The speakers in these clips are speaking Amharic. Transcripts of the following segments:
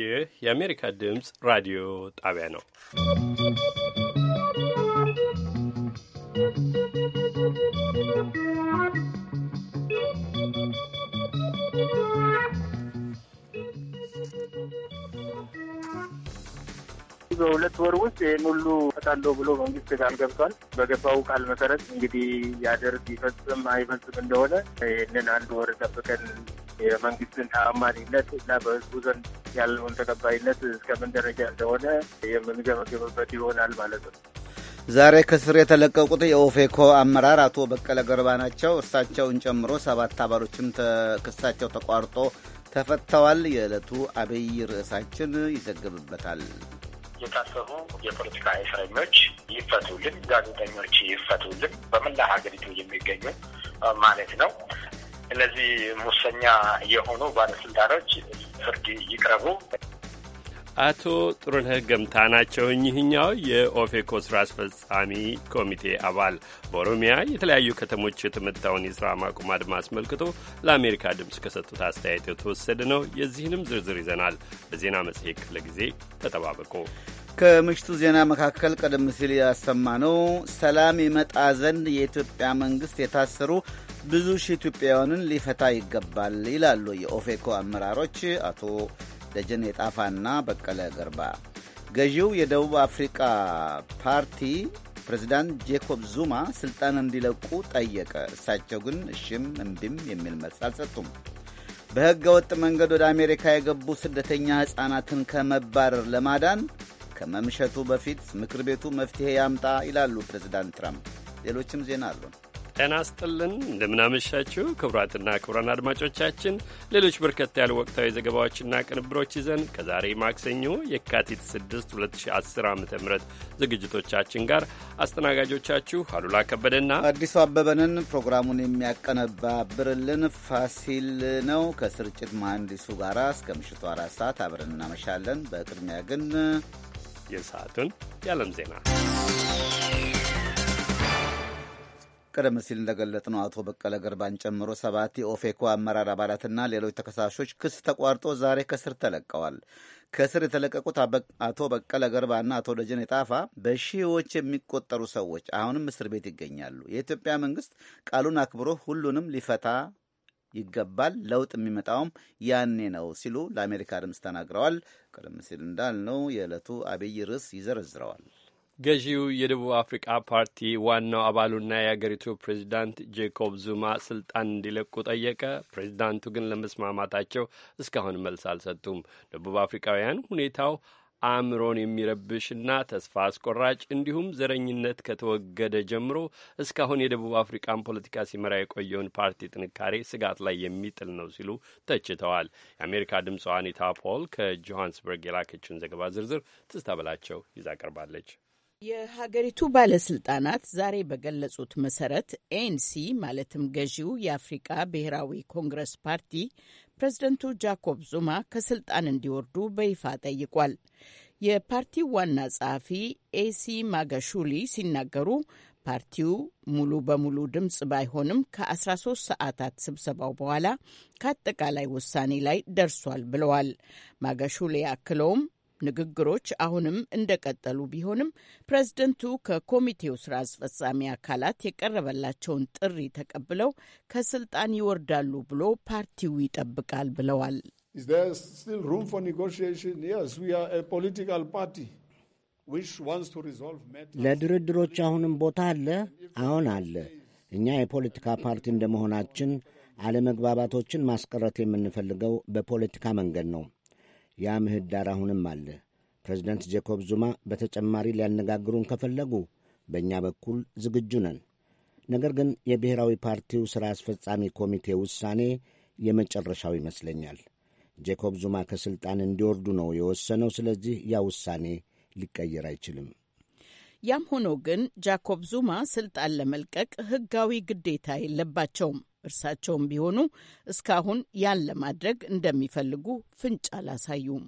ይህ የአሜሪካ ድምፅ ራዲዮ ጣቢያ ነው። በሁለት ወር ውስጥ ይህን ሁሉ እፈታለሁ ብሎ መንግስት ቃል ገብቷል። በገባው ቃል መሰረት እንግዲህ ያደርግ ይፈጽም አይፈጽም እንደሆነ ይህንን አንድ ወር ጠብቀን የመንግስትን ተአማኒነት እና በህዝቡ ዘንድ ያለውን ተቀባይነት እስከምን ደረጃ እንደሆነ የምንገመግምበት ይሆናል ማለት ነው። ዛሬ ከስር የተለቀቁት የኦፌኮ አመራር አቶ በቀለ ገርባ ናቸው። እሳቸውን ጨምሮ ሰባት አባሎችም ክሳቸው ተቋርጦ ተፈተዋል። የዕለቱ አብይ ርዕሳችን ይዘግብበታል። የታሰሩ የፖለቲካ እስረኞች ይፈቱልን፣ ጋዜጠኞች ይፈቱልን፣ በመላ ሀገሪቱ የሚገኙ ማለት ነው። እነዚህ ሙሰኛ የሆኑ ባለስልጣኖች ፍርድ ይቅረቡ። አቶ ጥሩነህ ገምታ ናቸው። እኚህኛው የኦፌኮ ስራ አስፈጻሚ ኮሚቴ አባል በኦሮሚያ የተለያዩ ከተሞች የተመታውን የስራ ማቆም አድማ አስመልክቶ ለአሜሪካ ድምፅ ከሰጡት አስተያየት የተወሰደ ነው። የዚህንም ዝርዝር ይዘናል። በዜና መጽሔት ክፍለ ጊዜ ተጠባበቁ። ከምሽቱ ዜና መካከል ቀደም ሲል ያሰማ ነው ሰላም ይመጣ ዘንድ የኢትዮጵያ መንግስት የታሰሩ ብዙ ሺህ ኢትዮጵያውያንን ሊፈታ ይገባል ይላሉ የኦፌኮ አመራሮች አቶ ደጀኔ ጣፋና በቀለ ገርባ። ገዢው የደቡብ አፍሪካ ፓርቲ ፕሬዚዳንት ጄኮብ ዙማ ስልጣን እንዲለቁ ጠየቀ። እሳቸው ግን እሽም እምቢም የሚል መልስ አልሰጡም። በሕገ ወጥ መንገድ ወደ አሜሪካ የገቡ ስደተኛ ሕፃናትን ከመባረር ለማዳን ከመምሸቱ በፊት ምክር ቤቱ መፍትሄ ያምጣ ይላሉ ፕሬዚዳንት ትራምፕ። ሌሎችም ዜና አሉ። ጤና ስጥልን እንደምናመሻችሁ ክቡራትና ክቡራን አድማጮቻችን ሌሎች በርከት ያሉ ወቅታዊ ዘገባዎችና ቅንብሮች ይዘን ከዛሬ ማክሰኞ የካቲት 6 2010 ዓ ም ዝግጅቶቻችን ጋር አስተናጋጆቻችሁ አሉላ ከበደና አዲሱ አበበንን ፕሮግራሙን የሚያቀነባብርልን ፋሲል ነው ከስርጭት መሐንዲሱ ጋር እስከ ምሽቱ አራት ሰዓት አብረን እናመሻለን በቅድሚያ ግን የሰዓቱን የዓለም ዜና ቀደም ሲል እንደገለጽነው አቶ በቀለ ገርባን ጨምሮ ሰባት የኦፌኮ አመራር አባላትና ሌሎች ተከሳሾች ክስ ተቋርጦ ዛሬ ከስር ተለቀዋል። ከስር የተለቀቁት አቶ በቀለ ገርባና አቶ ደጀኔ ጣፋ በሺዎች የሚቆጠሩ ሰዎች አሁንም እስር ቤት ይገኛሉ። የኢትዮጵያ መንግስት ቃሉን አክብሮ ሁሉንም ሊፈታ ይገባል። ለውጥ የሚመጣውም ያኔ ነው ሲሉ ለአሜሪካ ድምፅ ተናግረዋል። ቀደም ሲል እንዳልነው የዕለቱ አብይ ርዕስ ይዘረዝረዋል። ገዢው የደቡብ አፍሪቃ ፓርቲ ዋናው አባሉና የአገሪቱ ፕሬዚዳንት ጄኮብ ዙማ ስልጣን እንዲለቁ ጠየቀ። ፕሬዚዳንቱ ግን ለመስማማታቸው እስካሁን መልስ አልሰጡም። ደቡብ አፍሪካውያን ሁኔታው አእምሮን የሚረብሽና ተስፋ አስቆራጭ እንዲሁም ዘረኝነት ከተወገደ ጀምሮ እስካሁን የደቡብ አፍሪካን ፖለቲካ ሲመራ የቆየውን ፓርቲ ጥንካሬ ስጋት ላይ የሚጥል ነው ሲሉ ተችተዋል። የአሜሪካ ድምፅ አኒታ ፖል ከጆሃንስበርግ የላከችውን ዘገባ ዝርዝር ትስታ በላቸው ይዛ ቀርባለች። የሀገሪቱ ባለስልጣናት ዛሬ በገለጹት መሰረት ኤንሲ ማለትም ገዢው የአፍሪቃ ብሔራዊ ኮንግረስ ፓርቲ ፕሬዝደንቱ ጃኮብ ዙማ ከስልጣን እንዲወርዱ በይፋ ጠይቋል። የፓርቲው ዋና ጸሐፊ ኤሲ ማገሹሊ ሲናገሩ ፓርቲው ሙሉ በሙሉ ድምፅ ባይሆንም ከ13 ሰዓታት ስብሰባው በኋላ ከአጠቃላይ ውሳኔ ላይ ደርሷል ብለዋል። ማጋሹሌ አክለውም ንግግሮች አሁንም እንደቀጠሉ ቢሆንም ፕሬዝደንቱ ከኮሚቴው ስራ አስፈጻሚ አካላት የቀረበላቸውን ጥሪ ተቀብለው ከስልጣን ይወርዳሉ ብሎ ፓርቲው ይጠብቃል ብለዋል። ለድርድሮች አሁንም ቦታ አለ። አሁን አለ። እኛ የፖለቲካ ፓርቲ እንደመሆናችን አለመግባባቶችን ማስቀረት የምንፈልገው በፖለቲካ መንገድ ነው። ያ ምህዳር አሁንም አለ። ፕሬዚደንት ጄኮብ ዙማ በተጨማሪ ሊያነጋግሩን ከፈለጉ በእኛ በኩል ዝግጁ ነን። ነገር ግን የብሔራዊ ፓርቲው ሥራ አስፈጻሚ ኮሚቴ ውሳኔ የመጨረሻው ይመስለኛል። ጄኮብ ዙማ ከሥልጣን እንዲወርዱ ነው የወሰነው። ስለዚህ ያ ውሳኔ ሊቀየር አይችልም። ያም ሆኖ ግን ጃኮብ ዙማ ስልጣን ለመልቀቅ ሕጋዊ ግዴታ የለባቸውም። እርሳቸውም ቢሆኑ እስካሁን ያን ለማድረግ እንደሚፈልጉ ፍንጭ አላሳዩም።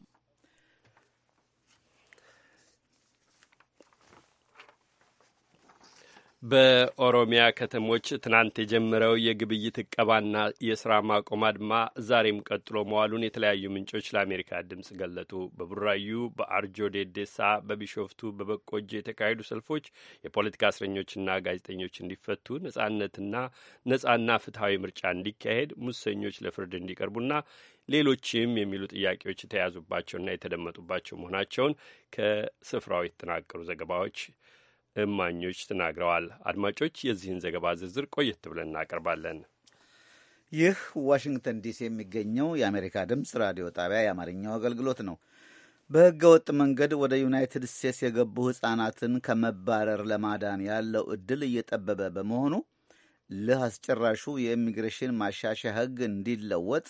በኦሮሚያ ከተሞች ትናንት የጀመረው የግብይት እቀባና የስራ ማቆም አድማ ዛሬም ቀጥሎ መዋሉን የተለያዩ ምንጮች ለአሜሪካ ድምፅ ገለጡ። በቡራዩ፣ በአርጆ ዴዴሳ፣ በቢሾፍቱ፣ በበቆጂ የተካሄዱ ሰልፎች የፖለቲካ እስረኞችና ጋዜጠኞች እንዲፈቱ ነጻነትና ነጻና ፍትሐዊ ምርጫ እንዲካሄድ ሙሰኞች ለፍርድ እንዲቀርቡና ሌሎችም የሚሉ ጥያቄዎች የተያዙባቸውና የተደመጡባቸው መሆናቸውን ከስፍራው የተጠናቀሩ ዘገባዎች እማኞች ተናግረዋል። አድማጮች የዚህን ዘገባ ዝርዝር ቆየት ብለን እናቀርባለን። ይህ ዋሽንግተን ዲሲ የሚገኘው የአሜሪካ ድምፅ ራዲዮ ጣቢያ የአማርኛው አገልግሎት ነው። በሕገ ወጥ መንገድ ወደ ዩናይትድ ስቴትስ የገቡ ሕፃናትን ከመባረር ለማዳን ያለው እድል እየጠበበ በመሆኑ ልህ አስጨራሹ የኢሚግሬሽን ማሻሻያ ሕግ እንዲለወጥ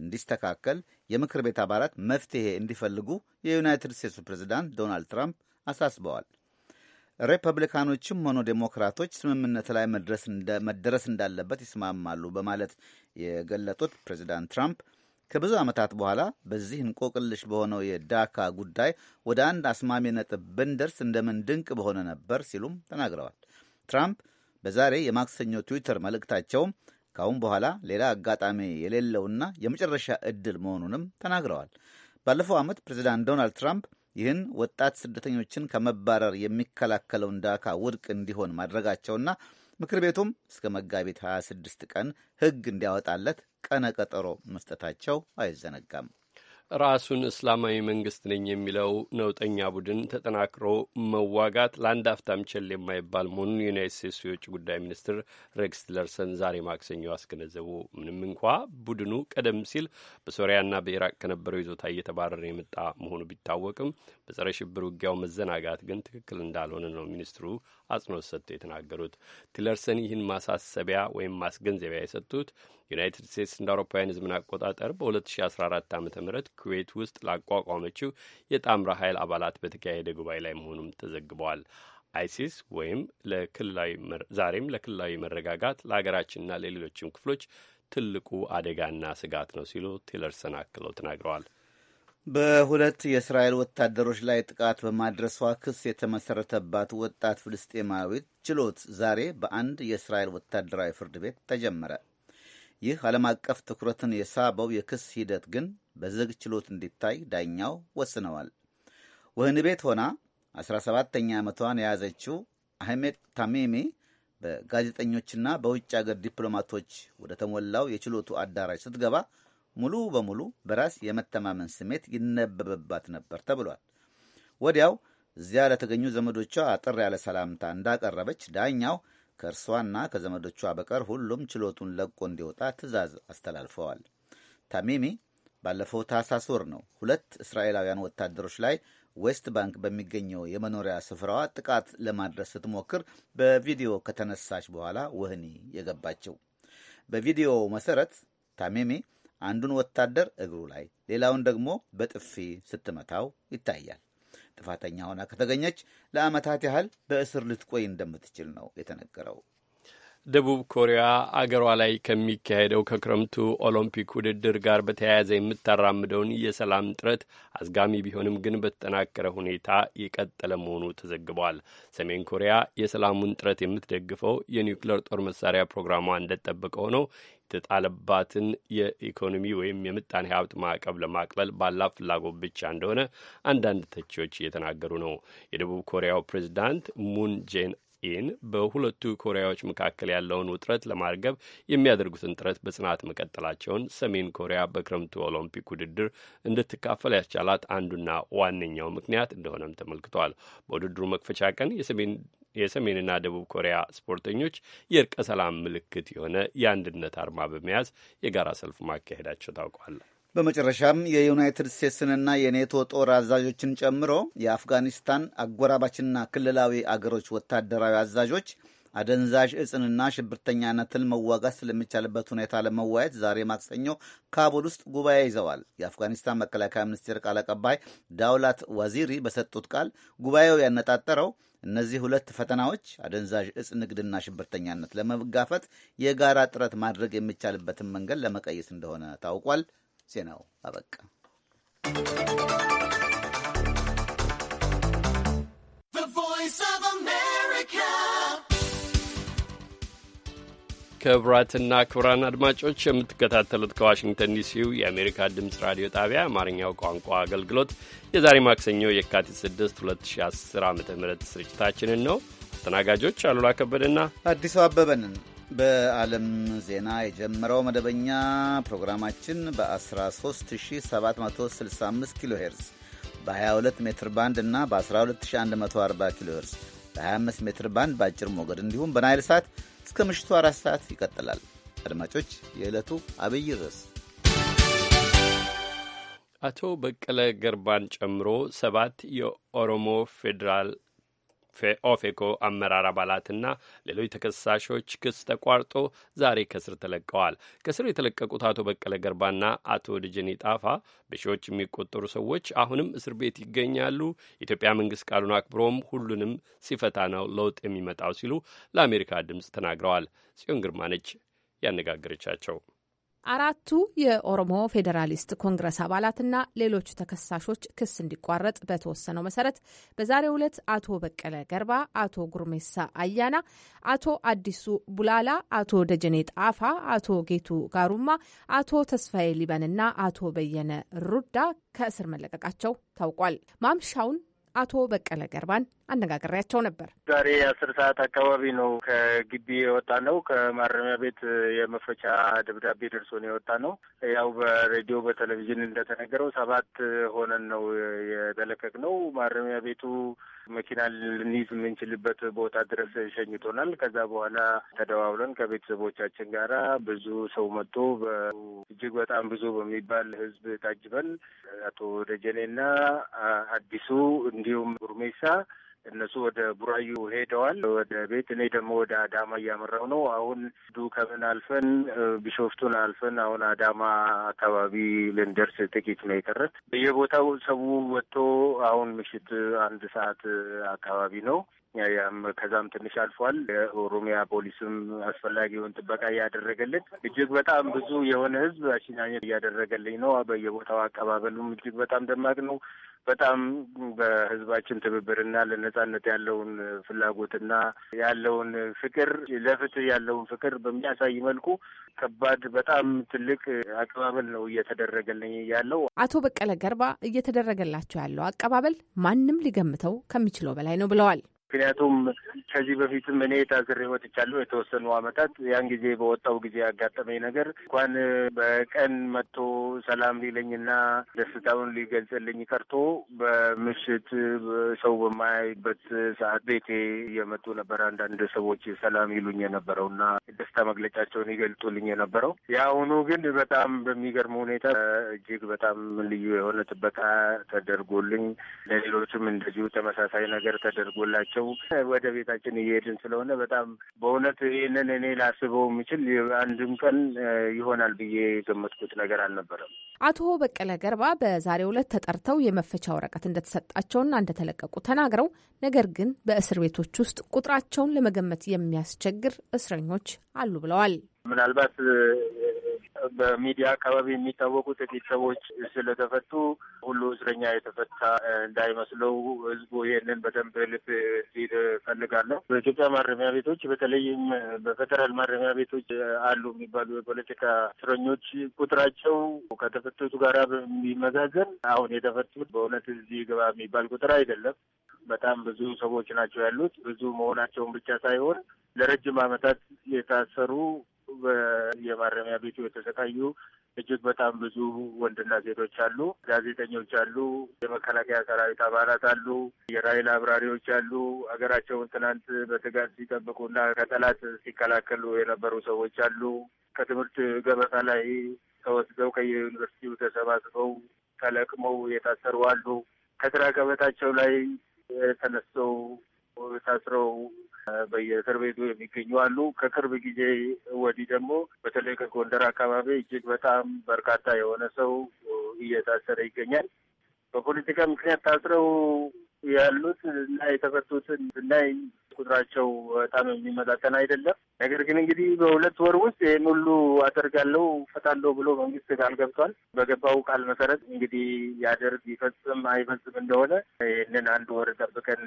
እንዲስተካከል የምክር ቤት አባላት መፍትሄ እንዲፈልጉ የዩናይትድ ስቴትሱ ፕሬዚዳንት ዶናልድ ትራምፕ አሳስበዋል። ሪፐብሊካኖችም ሆኖ ዴሞክራቶች ስምምነት ላይ መደረስ እንዳለበት ይስማማሉ በማለት የገለጡት ፕሬዚዳንት ትራምፕ ከብዙ ዓመታት በኋላ በዚህ እንቆቅልሽ በሆነው የዳካ ጉዳይ ወደ አንድ አስማሚ ነጥብ ብንደርስ እንደምን ድንቅ በሆነ ነበር ሲሉም ተናግረዋል። ትራምፕ በዛሬ የማክሰኞ ትዊተር መልእክታቸውም ካሁን በኋላ ሌላ አጋጣሚ የሌለውና የመጨረሻ ዕድል መሆኑንም ተናግረዋል። ባለፈው ዓመት ፕሬዚዳንት ዶናልድ ትራምፕ ይህን ወጣት ስደተኞችን ከመባረር የሚከላከለውን ዳካ ውድቅ እንዲሆን ማድረጋቸውና ምክር ቤቱም እስከ መጋቢት 26 ቀን ሕግ እንዲያወጣለት ቀነ ቀጠሮ መስጠታቸው አይዘነጋም። ራሱን እስላማዊ መንግስት ነኝ የሚለው ነውጠኛ ቡድን ተጠናክሮ መዋጋት ለአንድ አፍታም ቸል የማይባል መሆኑን የዩናይት ስቴትስ የውጭ ጉዳይ ሚኒስትር ሬክስ ቲለርሰን ዛሬ ማክሰኞ አስገነዘቡ። ምንም እንኳ ቡድኑ ቀደም ሲል በሶሪያና በኢራቅ ከነበረው ይዞታ እየተባረረ የመጣ መሆኑ ቢታወቅም በጸረ ሽብር ውጊያው መዘናጋት ግን ትክክል እንዳልሆነ ነው ሚኒስትሩ አጽንኦት ሰጥተው የተናገሩት። ቲለርሰን ይህን ማሳሰቢያ ወይም ማስገንዘቢያ የሰጡት ዩናይትድ ስቴትስ እንደ አውሮፓውያን ህዝብን አቆጣጠር በ2014 ዓ ም ኩዌት ውስጥ ላቋቋመችው የጣምራ ኃይል አባላት በተካሄደ ጉባኤ ላይ መሆኑም ተዘግበዋል። አይሲስ ወይም ዛሬም ለክልላዊ መረጋጋት ለሀገራችንና ለሌሎችም ክፍሎች ትልቁ አደጋና ስጋት ነው ሲሉ ቲለርሰን አክለው ተናግረዋል። በሁለት የእስራኤል ወታደሮች ላይ ጥቃት በማድረሷ ክስ የተመሰረተባት ወጣት ፍልስጤማዊት ችሎት ዛሬ በአንድ የእስራኤል ወታደራዊ ፍርድ ቤት ተጀመረ። ይህ ዓለም አቀፍ ትኩረትን የሳበው የክስ ሂደት ግን በዝግ ችሎት እንዲታይ ዳኛው ወስነዋል። ወህኒ ቤት ሆና 17ኛ ዓመቷን የያዘችው አህሜድ ታሚሚ በጋዜጠኞችና በውጭ አገር ዲፕሎማቶች ወደ ተሞላው የችሎቱ አዳራሽ ስትገባ ሙሉ በሙሉ በራስ የመተማመን ስሜት ይነበብባት ነበር ተብሏል። ወዲያው እዚያ ለተገኙ ዘመዶቿ አጠር ያለ ሰላምታ እንዳቀረበች ዳኛው ከእርሷና ከዘመዶቿ በቀር ሁሉም ችሎቱን ለቆ እንዲወጣ ትዕዛዝ አስተላልፈዋል። ታሚሚ ባለፈው ታህሳስ ወር ነው ሁለት እስራኤላውያን ወታደሮች ላይ ዌስት ባንክ በሚገኘው የመኖሪያ ስፍራዋ ጥቃት ለማድረስ ስትሞክር በቪዲዮ ከተነሳች በኋላ ወህኒ የገባቸው። በቪዲዮው መሰረት ታሚሚ አንዱን ወታደር እግሩ ላይ፣ ሌላውን ደግሞ በጥፊ ስትመታው ይታያል። ጥፋተኛ ሆና ከተገኘች ለዓመታት ያህል በእስር ልትቆይ እንደምትችል ነው የተነገረው። ደቡብ ኮሪያ አገሯ ላይ ከሚካሄደው ከክረምቱ ኦሎምፒክ ውድድር ጋር በተያያዘ የምታራምደውን የሰላም ጥረት አዝጋሚ ቢሆንም ግን በተጠናከረ ሁኔታ የቀጠለ መሆኑ ተዘግቧል። ሰሜን ኮሪያ የሰላሙን ጥረት የምትደግፈው የኒውክሌር ጦር መሳሪያ ፕሮግራሟ እንደጠበቀ ሆኖ የተጣለባትን የኢኮኖሚ ወይም የምጣኔ ሀብት ማዕቀብ ለማቅለል ባላት ፍላጎት ብቻ እንደሆነ አንዳንድ ተቺዎች እየተናገሩ ነው። የደቡብ ኮሪያው ፕሬዚዳንት ሙን ጄን ኢን በሁለቱ ኮሪያዎች መካከል ያለውን ውጥረት ለማርገብ የሚያደርጉትን ጥረት በጽናት መቀጠላቸውን ሰሜን ኮሪያ በክረምቱ ኦሎምፒክ ውድድር እንድትካፈል ያስቻላት አንዱና ዋነኛው ምክንያት እንደሆነም ተመልክቷል። በውድድሩ መክፈቻ ቀን የሰሜን የሰሜንና ደቡብ ኮሪያ ስፖርተኞች የእርቀ ሰላም ምልክት የሆነ የአንድነት አርማ በመያዝ የጋራ ሰልፍ ማካሄዳቸው ታውቋል። በመጨረሻም የዩናይትድ ስቴትስንና የኔቶ ጦር አዛዦችን ጨምሮ የአፍጋኒስታን አጎራባችና ክልላዊ አገሮች ወታደራዊ አዛዦች አደንዛዥ እጽንና ሽብርተኛነትን መዋጋት ስለሚቻልበት ሁኔታ ለመዋየት ዛሬ ማክሰኞ ካቡል ውስጥ ጉባኤ ይዘዋል። የአፍጋኒስታን መከላከያ ሚኒስቴር ቃል አቀባይ ዳውላት ዋዚሪ በሰጡት ቃል ጉባኤው ያነጣጠረው እነዚህ ሁለት ፈተናዎች አደንዛዥ እጽ ንግድና ሽብርተኛነት ለመጋፈጥ የጋራ ጥረት ማድረግ የሚቻልበትን መንገድ ለመቀየስ እንደሆነ ታውቋል። ዜናው አበቃ። ክቡራትና ክቡራን አድማጮች የምትከታተሉት ከዋሽንግተን ዲሲው የአሜሪካ ድምፅ ራዲዮ ጣቢያ የአማርኛው ቋንቋ አገልግሎት የዛሬ ማክሰኞ የካቲት 6 2010 ዓ ም ስርጭታችንን ነው። አስተናጋጆች አሉላ ከበደና አዲሱ አበበንን በዓለም ዜና የጀመረው መደበኛ ፕሮግራማችን በ13765 ኪሎ ሄርዝ በ22 ሜትር ባንድ እና በ12140 ኪሎ ሄርዝ በ25 ሜትር ባንድ በአጭር ሞገድ እንዲሁም በናይል ሰዓት እስከ ምሽቱ አራት ሰዓት ይቀጥላል። አድማጮች፣ የዕለቱ አብይ ርዕስ አቶ በቀለ ገርባን ጨምሮ ሰባት የኦሮሞ ፌዴራል ኦፌኮ አመራር አባላትና ሌሎች ተከሳሾች ክስ ተቋርጦ ዛሬ ከስር ተለቀዋል። ከስር የተለቀቁት አቶ በቀለ ገርባና አቶ ደጀኔ ጣፋ በሺዎች የሚቆጠሩ ሰዎች አሁንም እስር ቤት ይገኛሉ። የኢትዮጵያ መንግስት ቃሉን አክብሮም ሁሉንም ሲፈታ ነው ለውጥ የሚመጣው ሲሉ ለአሜሪካ ድምፅ ተናግረዋል። ጽዮን ግርማ ነች ያነጋገረቻቸው። አራቱ የኦሮሞ ፌዴራሊስት ኮንግረስ አባላትና ሌሎች ተከሳሾች ክስ እንዲቋረጥ በተወሰነው መሰረት በዛሬው ዕለት አቶ በቀለ ገርባ፣ አቶ ጉርሜሳ አያና፣ አቶ አዲሱ ቡላላ፣ አቶ ደጀኔ ጣፋ፣ አቶ ጌቱ ጋሩማ፣ አቶ ተስፋዬ ሊበንና አቶ በየነ ሩዳ ከእስር መለቀቃቸው ታውቋል። ማምሻውን አቶ በቀለ ገርባን አነጋግሬያቸው ነበር። ዛሬ አስር ሰዓት አካባቢ ነው ከግቢ የወጣ ነው። ከማረሚያ ቤት የመፈቻ ደብዳቤ ደርሶን የወጣ ነው። ያው በሬዲዮ በቴሌቪዥን እንደተነገረው ሰባት ሆነን ነው የደለቀቅ ነው። ማረሚያ ቤቱ መኪና ልንይዝ የምንችልበት ቦታ ድረስ ሸኝቶናል። ከዛ በኋላ ተደዋውለን ከቤተሰቦቻችን ጋራ ብዙ ሰው መጥቶ እጅግ በጣም ብዙ በሚባል ህዝብ ታጅበን አቶ ደጀኔና አዲሱ እንዲሁም ጉርሜሳ እነሱ ወደ ቡራዩ ሄደዋል ወደ ቤት። እኔ ደግሞ ወደ አዳማ እያመራው ነው። አሁን ዱ ከምን አልፈን ቢሾፍቱን አልፈን አሁን አዳማ አካባቢ ልንደርስ ጥቂት ነው የቀረት። በየቦታው ሰው ወጥቶ አሁን ምሽት አንድ ሰዓት አካባቢ ነው። ያም ከዛም ትንሽ አልፏል። የኦሮሚያ ፖሊስም አስፈላጊውን ጥበቃ እያደረገልን እጅግ በጣም ብዙ የሆነ ህዝብ አሽናኘት እያደረገልኝ ነው። በየቦታው አቀባበሉም እጅግ በጣም ደማቅ ነው። በጣም በህዝባችን ትብብርና ለነጻነት ያለውን ፍላጎትና ያለውን ፍቅር ለፍትህ ያለውን ፍቅር በሚያሳይ መልኩ ከባድ በጣም ትልቅ አቀባበል ነው እየተደረገልኝ ያለው። አቶ በቀለ ገርባ እየተደረገላቸው ያለው አቀባበል ማንም ሊገምተው ከሚችለው በላይ ነው ብለዋል። ምክንያቱም ከዚህ በፊትም እኔ ታስሬ ወጥቻለሁ የተወሰኑ አመታት። ያን ጊዜ በወጣው ጊዜ ያጋጠመኝ ነገር እንኳን በቀን መጥቶ ሰላም ሊለኝና ደስታውን ሊገልጽልኝ ቀርቶ በምሽት ሰው በማያይበት ሰዓት ቤቴ እየመጡ ነበር አንዳንድ ሰዎች ሰላም ይሉኝ የነበረው እና ደስታ መግለጫቸውን ይገልጡልኝ የነበረው። የአሁኑ ግን በጣም በሚገርም ሁኔታ እጅግ በጣም ልዩ የሆነ ጥበቃ ተደርጎልኝ ለሌሎችም እንደዚሁ ተመሳሳይ ነገር ተደርጎላቸው ቤተሰቡ ወደ ቤታችን እየሄድን ስለሆነ በጣም በእውነት ይህንን እኔ ላስበው የምችል አንድም ቀን ይሆናል ብዬ የገመትኩት ነገር አልነበረም። አቶ በቀለ ገርባ በዛሬው ዕለት ተጠርተው የመፈቻ ወረቀት እንደተሰጣቸውና እንደተለቀቁ ተናግረው ነገር ግን በእስር ቤቶች ውስጥ ቁጥራቸውን ለመገመት የሚያስቸግር እስረኞች አሉ ብለዋል። ምናልባት በሚዲያ አካባቢ የሚታወቁ ጥቂት ሰዎች ስለተፈቱ ሁሉ እስረኛ የተፈታ እንዳይመስለው ህዝቡ ይህንን በደንብ ልብ ሲል በኢትዮጵያ ማረሚያ ቤቶች በተለይም በፌደራል ማረሚያ ቤቶች አሉ የሚባሉ የፖለቲካ እስረኞች ቁጥራቸው ከተፈ ከፍቶቱ ጋር የሚመዛዘን አሁን የተፈቱት በእውነት እዚህ ግባ የሚባል ቁጥር አይደለም። በጣም ብዙ ሰዎች ናቸው ያሉት። ብዙ መሆናቸውን ብቻ ሳይሆን ለረጅም ዓመታት የታሰሩ የማረሚያ ቤቱ የተሰቃዩ እጅግ በጣም ብዙ ወንድና ሴቶች አሉ። ጋዜጠኞች አሉ። የመከላከያ ሰራዊት አባላት አሉ። የራይል አብራሪዎች አሉ። ሀገራቸውን ትናንት በትጋት ሲጠብቁና ከጠላት ሲከላከሉ የነበሩ ሰዎች አሉ። ከትምህርት ገበታ ላይ ተወስደው ከየዩኒቨርሲቲው ተሰባስበው ተለቅመው የታሰሩ አሉ። ከስራ ገበታቸው ላይ ተነስተው ታስረው በየእስር ቤቱ የሚገኙ አሉ። ከቅርብ ጊዜ ወዲህ ደግሞ በተለይ ከጎንደር አካባቢ እጅግ በጣም በርካታ የሆነ ሰው እየታሰረ ይገኛል። በፖለቲካ ምክንያት ታስረው ያሉት እና የተፈቱትን ብናይ ቁጥራቸው በጣም የሚመጣጠን አይደለም። ነገር ግን እንግዲህ በሁለት ወር ውስጥ ይህን ሁሉ አደርጋለሁ ፈታለሁ ብሎ መንግስት ቃል ገብቷል። በገባው ቃል መሰረት እንግዲህ ያደርግ ይፈጽም አይፈጽም እንደሆነ ይህንን አንድ ወር ጠብቀን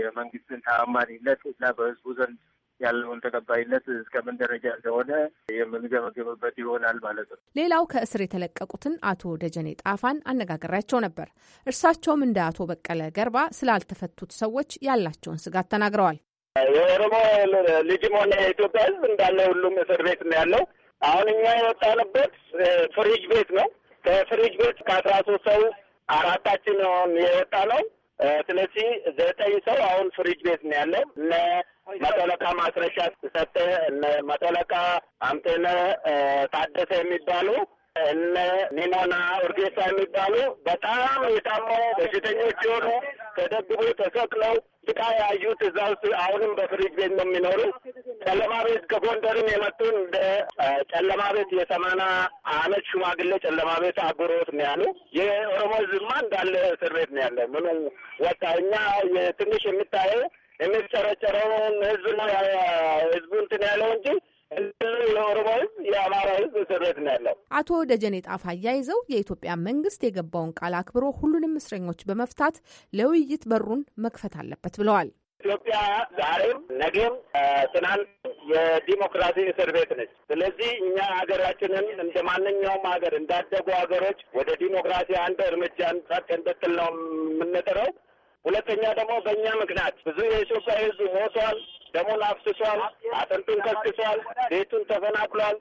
የመንግስትን ተአማኒነት እና በህዝቡ ዘንድ ያለውን ተቀባይነት እስከምን ደረጃ እንደሆነ የምንገመግምበት ይሆናል ማለት ነው። ሌላው ከእስር የተለቀቁትን አቶ ደጀኔ ጣፋን አነጋግሬያቸው ነበር። እርሳቸውም እንደ አቶ በቀለ ገርባ ስላልተፈቱት ሰዎች ያላቸውን ስጋት ተናግረዋል። የኦሮሞ ልጅም ሆነ የኢትዮጵያ ሕዝብ እንዳለ ሁሉም እስር ቤት ነው ያለው። አሁን እኛ የወጣንበት ፍሪጅ ቤት ነው። ከፍሪጅ ቤት ከአስራ ሶስት ሰው አራታችን የወጣ ነው ስለዚህ ዘጠኝ ሰው አሁን ፍሪጅ ቤት ነው ያለው። እነ መጠለቃ ማስረሻ ሰጠ፣ እነ መጠለቃ አምጤነ ታደሰ የሚባሉ እነ ኒሞና ኦርጌሳ የሚባሉ በጣም የታመሙ በሽተኞች የሆኑ ተደብበው ተሰቅለው ስቃይ ያዩት እዛ ውስጥ አሁንም በፍሪጅ ቤት ነው የሚኖሩ። ጨለማ ቤት ከጎንደርም የመጡ እንደ ጨለማ ቤት የሰማና አመት ሽማግሌ ጨለማ ቤት አጉሮት ነው ያሉ። የኦሮሞ ዝማ እንዳለ እስር ቤት ነው ያለ። ምኑ ወጣ እኛ ትንሽ የሚታየ የሚጨረጨረውን ህዝብ ነው ህዝቡ እንትን ያለው እንጂ የኦሮሞ ህዝብ፣ የአማራ ህዝብ እስር ነው ያለው። አቶ ደጀኔ ጣፋ አያይዘው የኢትዮጵያ መንግስት የገባውን ቃል አክብሮ ሁሉንም እስረኞች በመፍታት ለውይይት በሩን መክፈት አለበት ብለዋል። ኢትዮጵያ ዛሬም ነገም ትናንት የዲሞክራሲ እስር ቤት ነች። ስለዚህ እኛ ሀገራችንን እንደ ማንኛውም ሀገር እንዳደጉ ሀገሮች ወደ ዲሞክራሲ አንድ እርምጃ ንጻት እንድትል ነው የምንጥረው። ሁለተኛ ደግሞ በእኛ ምክንያት ብዙ የኢትዮጵያ ህዝብ ሞቷል። ደሙን አፍስሷል፣ አጥንቱን ከስክሷል፣ ቤቱን ተፈናቅሏል፣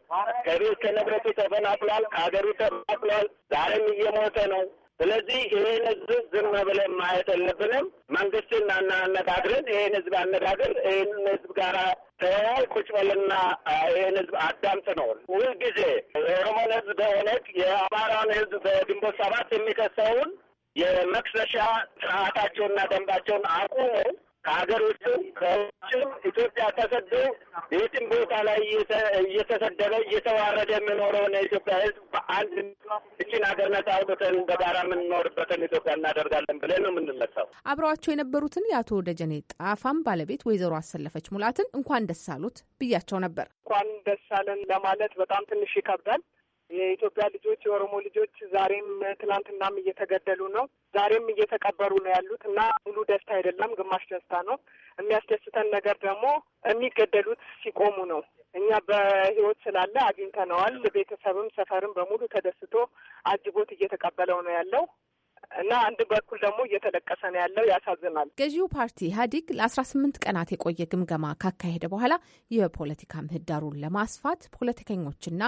ከቤት ከንብረቱ ተፈናቅሏል፣ ከሀገሩ ተፈናቅሏል። ዛሬም እየሞተ ነው። ስለዚህ ይሄን ህዝብ ዝም ብለን ማየት የለብንም። መንግስትን አናነጋግርን። ይሄን ህዝብ አነጋግር፣ ይህን ህዝብ ጋራ ተያይ ቁጭ በልና ይህን ህዝብ አዳምጥ ነው። ጊዜ የኦሮሞን ህዝብ በኦነግ የአማራን ህዝብ በግንቦት ሰባት የሚከሰውን የመክሰሻ ስርዓታቸውና ደንባቸውን አቁመው ከሀገር ውስጥም ከውጭም ኢትዮጵያ ተሰዶ የትም ቦታ ላይ እየተሰደበ እየተዋረደ የምኖረውን የኢትዮጵያ ሕዝብ በአንድ እችን ሀገር ነጻ አውጥተን በጋራ የምንኖርበትን ኢትዮጵያ እናደርጋለን ብለን ነው የምንነሳው። አብረዋቸው የነበሩትን የአቶ ደጀኔ ጣፋም ባለቤት ወይዘሮ አሰለፈች ሙላትን እንኳን ደስ አሉት ብያቸው ነበር። እንኳን ደስ አለን ለማለት በጣም ትንሽ ይከብዳል። የኢትዮጵያ ልጆች የኦሮሞ ልጆች ዛሬም ትላንትናም እየተገደሉ ነው፣ ዛሬም እየተቀበሩ ነው ያሉት እና ሙሉ ደስታ አይደለም፣ ግማሽ ደስታ ነው። የሚያስደስተን ነገር ደግሞ የሚገደሉት ሲቆሙ ነው። እኛ በህይወት ስላለ አግኝተነዋል። ቤተሰብም ሰፈርም በሙሉ ተደስቶ አጅቦት እየተቀበለው ነው ያለው። እና አንድ በኩል ደግሞ እየተለቀሰ ነው ያለው። ያሳዝናል። ገዢው ፓርቲ ኢህአዲግ ለአስራ ስምንት ቀናት የቆየ ግምገማ ካካሄደ በኋላ የፖለቲካ ምህዳሩን ለማስፋት ፖለቲከኞችና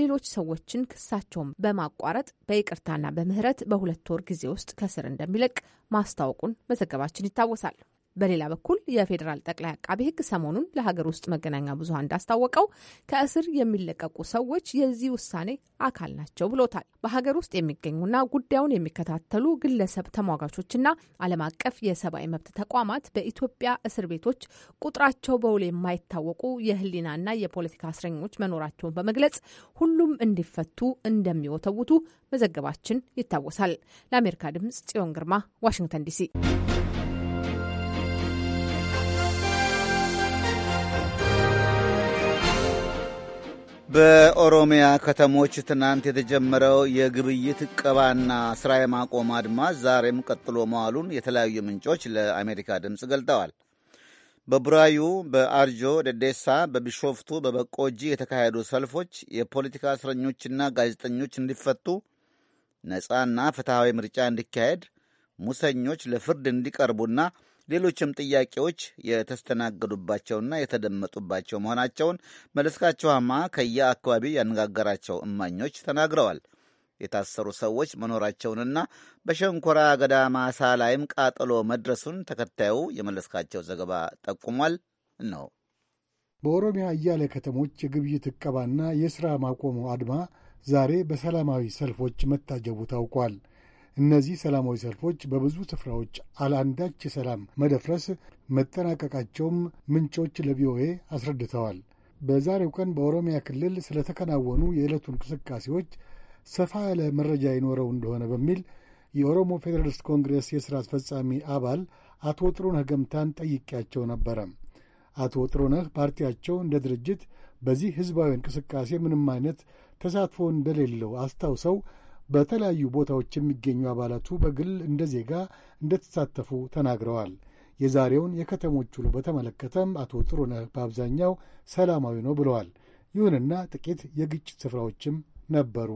ሌሎች ሰዎችን ክሳቸውን በማቋረጥ በይቅርታና በምህረት በሁለት ወር ጊዜ ውስጥ ከስር እንደሚለቅ ማስታወቁን መዘገባችን ይታወሳል። በሌላ በኩል የፌዴራል ጠቅላይ አቃቤ ሕግ ሰሞኑን ለሀገር ውስጥ መገናኛ ብዙኃን እንዳስታወቀው ከእስር የሚለቀቁ ሰዎች የዚህ ውሳኔ አካል ናቸው ብሎታል። በሀገር ውስጥ የሚገኙና ጉዳዩን የሚከታተሉ ግለሰብ ተሟጋቾችና ዓለም አቀፍ የሰብአዊ መብት ተቋማት በኢትዮጵያ እስር ቤቶች ቁጥራቸው በውል የማይታወቁ የህሊናና የፖለቲካ እስረኞች መኖራቸውን በመግለጽ ሁሉም እንዲፈቱ እንደሚወተውቱ መዘገባችን ይታወሳል። ለአሜሪካ ድምጽ ጽዮን ግርማ ዋሽንግተን ዲሲ በኦሮሚያ ከተሞች ትናንት የተጀመረው የግብይት እቀባና ስራ የማቆም አድማ ዛሬም ቀጥሎ መዋሉን የተለያዩ ምንጮች ለአሜሪካ ድምፅ ገልጠዋል። በቡራዩ፣ በአርጆ ደዴሳ፣ በቢሾፍቱ፣ በበቆጂ የተካሄዱ ሰልፎች የፖለቲካ እስረኞችና ጋዜጠኞች እንዲፈቱ፣ ነፃና ፍትሐዊ ምርጫ እንዲካሄድ፣ ሙሰኞች ለፍርድ እንዲቀርቡና ሌሎችም ጥያቄዎች የተስተናገዱባቸውና የተደመጡባቸው መሆናቸውን አማ ከየአካባቢው ያነጋገራቸው እማኞች ተናግረዋል። የታሰሩ ሰዎች መኖራቸውንና በሸንኮራ አገዳ ማሳ ላይም ቃጠሎ መድረሱን ተከታዩ የመለስካቸው ዘገባ ጠቁሟል ነው። በኦሮሚያ አያሌ ከተሞች የግብይት እቀባና የሥራ ማቆሙ አድማ ዛሬ በሰላማዊ ሰልፎች መታጀቡ ታውቋል። እነዚህ ሰላማዊ ሰልፎች በብዙ ስፍራዎች አለአንዳች የሰላም መደፍረስ መጠናቀቃቸውም ምንጮች ለቪኦኤ አስረድተዋል። በዛሬው ቀን በኦሮሚያ ክልል ስለተከናወኑ የዕለቱ እንቅስቃሴዎች ሰፋ ያለ መረጃ ይኖረው እንደሆነ በሚል የኦሮሞ ፌዴራሊስት ኮንግሬስ የሥራ አስፈጻሚ አባል አቶ ጥሩነህ ገምታን ጠይቄያቸው ነበረ። አቶ ጥሩነህ ፓርቲያቸው እንደ ድርጅት በዚህ ሕዝባዊ እንቅስቃሴ ምንም አይነት ተሳትፎ እንደሌለው አስታውሰው በተለያዩ ቦታዎች የሚገኙ አባላቱ በግል እንደ ዜጋ እንደተሳተፉ ተናግረዋል። የዛሬውን የከተሞች ውሎ በተመለከተም አቶ ጥሩነህ በአብዛኛው ሰላማዊ ነው ብለዋል። ይሁንና ጥቂት የግጭት ስፍራዎችም ነበሩ።